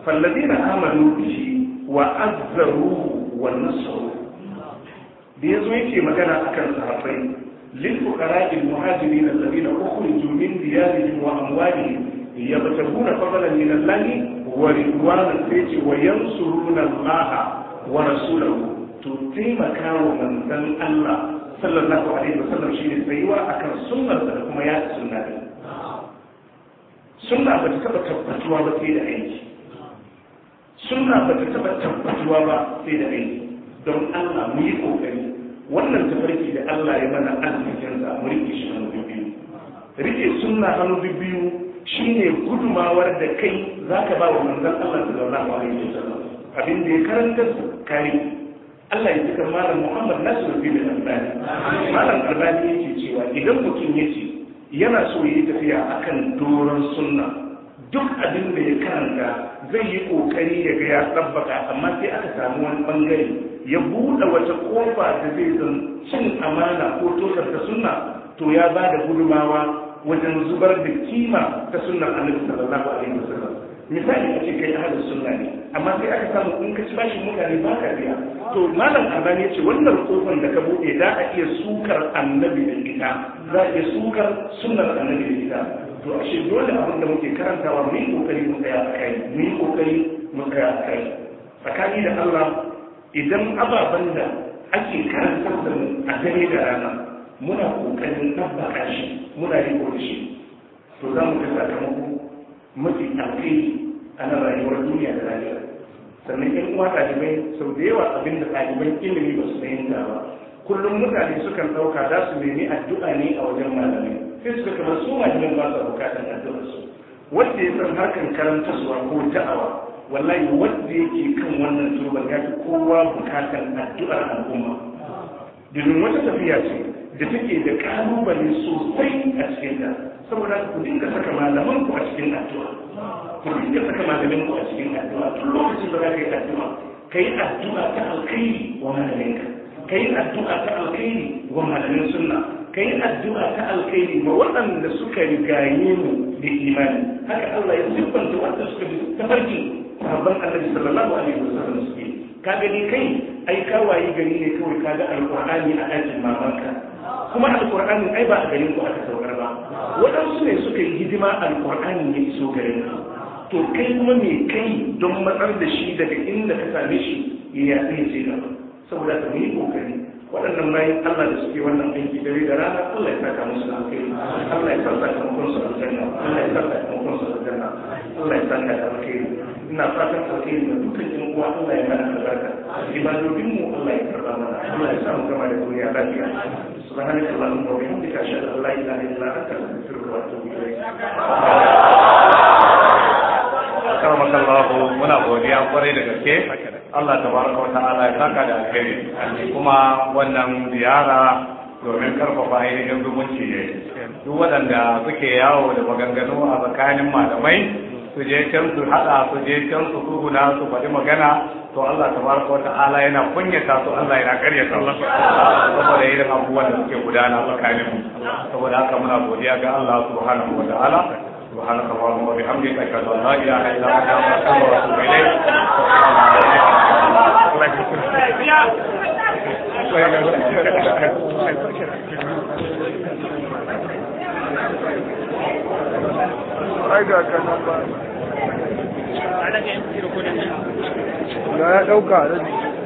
fallazina amanu bihi wa azzaruhu wa nasaru da ya zo yake magana a kan sahabbai lilfukara in muhajiri na sabi na uku ne domin diyari wa amwani ya bata kuna fagalan ne na lani wa rikwana sai ce wa yan suruna laha wa rasulahu to taimaka wa manzan allah sallallahu alaihi wasallam shi ne tsayuwa a kan sunnar da kuma ya sunna taba tabbatuwa ba sai da aiki sunna ba ta ba sai da aiki don allah mu yi kokari wannan tafarki da Allah ya mana arzikin da mu rike shi hannu biyu rike sunna hannu biyu shine gudumawar da kai zaka ba wa manzon Allah sallallahu alaihi wasallam abin da ya karanta kare Allah ya cika malam Muhammad Nasir bin Albani malam Albani yake cewa idan mutum yace yana so yi tafiya akan doron sunna duk abin da ya karanta zai yi kokari ya ga ya tsabbaka amma sai aka samu wani bangare ya buɗe wata kofa da zai zan cin amana ko tosar ta sunna to ya ba da gudumawa wajen zubar da kima ta sunnar annabi sallallahu alaihi wasallam misali a ce kai ahlus sunna ne amma sai aka samu in ka ci bashi mutane ba ka biya to malam albani ya ce wannan kofar da ka buɗe za a iya sukar annabi da ita za a iya sukar sunnar annabi da ita to a shi dole abin da muke karantawa mu yi kokari mu tsaya a kai mu yi kokari mu tsaya a kai tsakani da Allah idan ababen da ake karantar da mu a dare da rana muna kokarin tabbata shi muna yi da shi to za mu ga sakamako mafi alkhairi a rayuwar duniya da rayuwa. sannan yan uwa ɗalibai sau da yawa abin da ɗaliban ilimi ba su fahimta ba kullum mutane sukan ɗauka za su nemi addu'a ne a wajen malamai sai suka kama su malamin ba su addu'a su wanda ya san karanta suwa ko ta'awa wallahi wanda yake kan wannan turban ya fi kowa bukatar addu'ar al'umma domin wata tafiya ce da take da kalubale sosai a cikin da saboda ku dinga saka malaman ku a cikin addu'a ku dinga saka malamin ku a cikin addu'a tun lokacin da za ka yi addu'a ka yi addu'a ta alkhairi wa malaminka ka yi addu'a ta alkhairi wa malamin sunna ka yi addu'a ta alkhairi ma waɗanda suka rigaye mu da imani haka Allah ya siffanta waɗanda suka bi tafarkin sahabban annabi sallallahu alaihi wasallam suke ka gani kai ai ka wayi gari ne kawai ka ga alqur'ani a ɗakin mamanka kuma alqur'ani ai ba a garin ku aka saukar ba waɗansu ne suka yi hidima alqur'ani ya iso garin ka. to kai kuma me kai don matsar da shi daga inda ka same shi ya yaɗe ya ce gaba saboda ka yi kokari waɗannan bayan Allah da suke wannan aiki dare da rana Allah ya saka musu alkhairi Allah ya saka sakamakon su aljanna Allah ya saka sakamakon su aljanna Allah ya saka da alkhairi ina fatan alkhairi da dukkan yan uwa Allah ya mana albarka ibadodin mu Allah ya karba mana Allah ya samu gama da duniya lafiya subhanaka allahumma wa bihamdika ashhadu an la ilaha illa anta astaghfiruka wa atubu ilayk karamakallahu muna godiya kwarai da gaske Allah ta baraka wa ta'ala ya saka da alheri kuma wannan ziyara domin karfafa ainihin zumunci ne duk waɗanda suke yawo da maganganu a tsakanin malamai su je can su haɗa su je can su tsuguna su faɗi magana to Allah ta baraka wa ta'ala yana kunyata su Allah yana karyata su saboda irin abubuwan da suke gudana tsakanin saboda haka muna godiya ga Allah subhanahu wa ta'ala سبحانك اللهم وبحمدك اشهد ان لا اله الا انت استغفرك واتوب اليك لا يا دوكا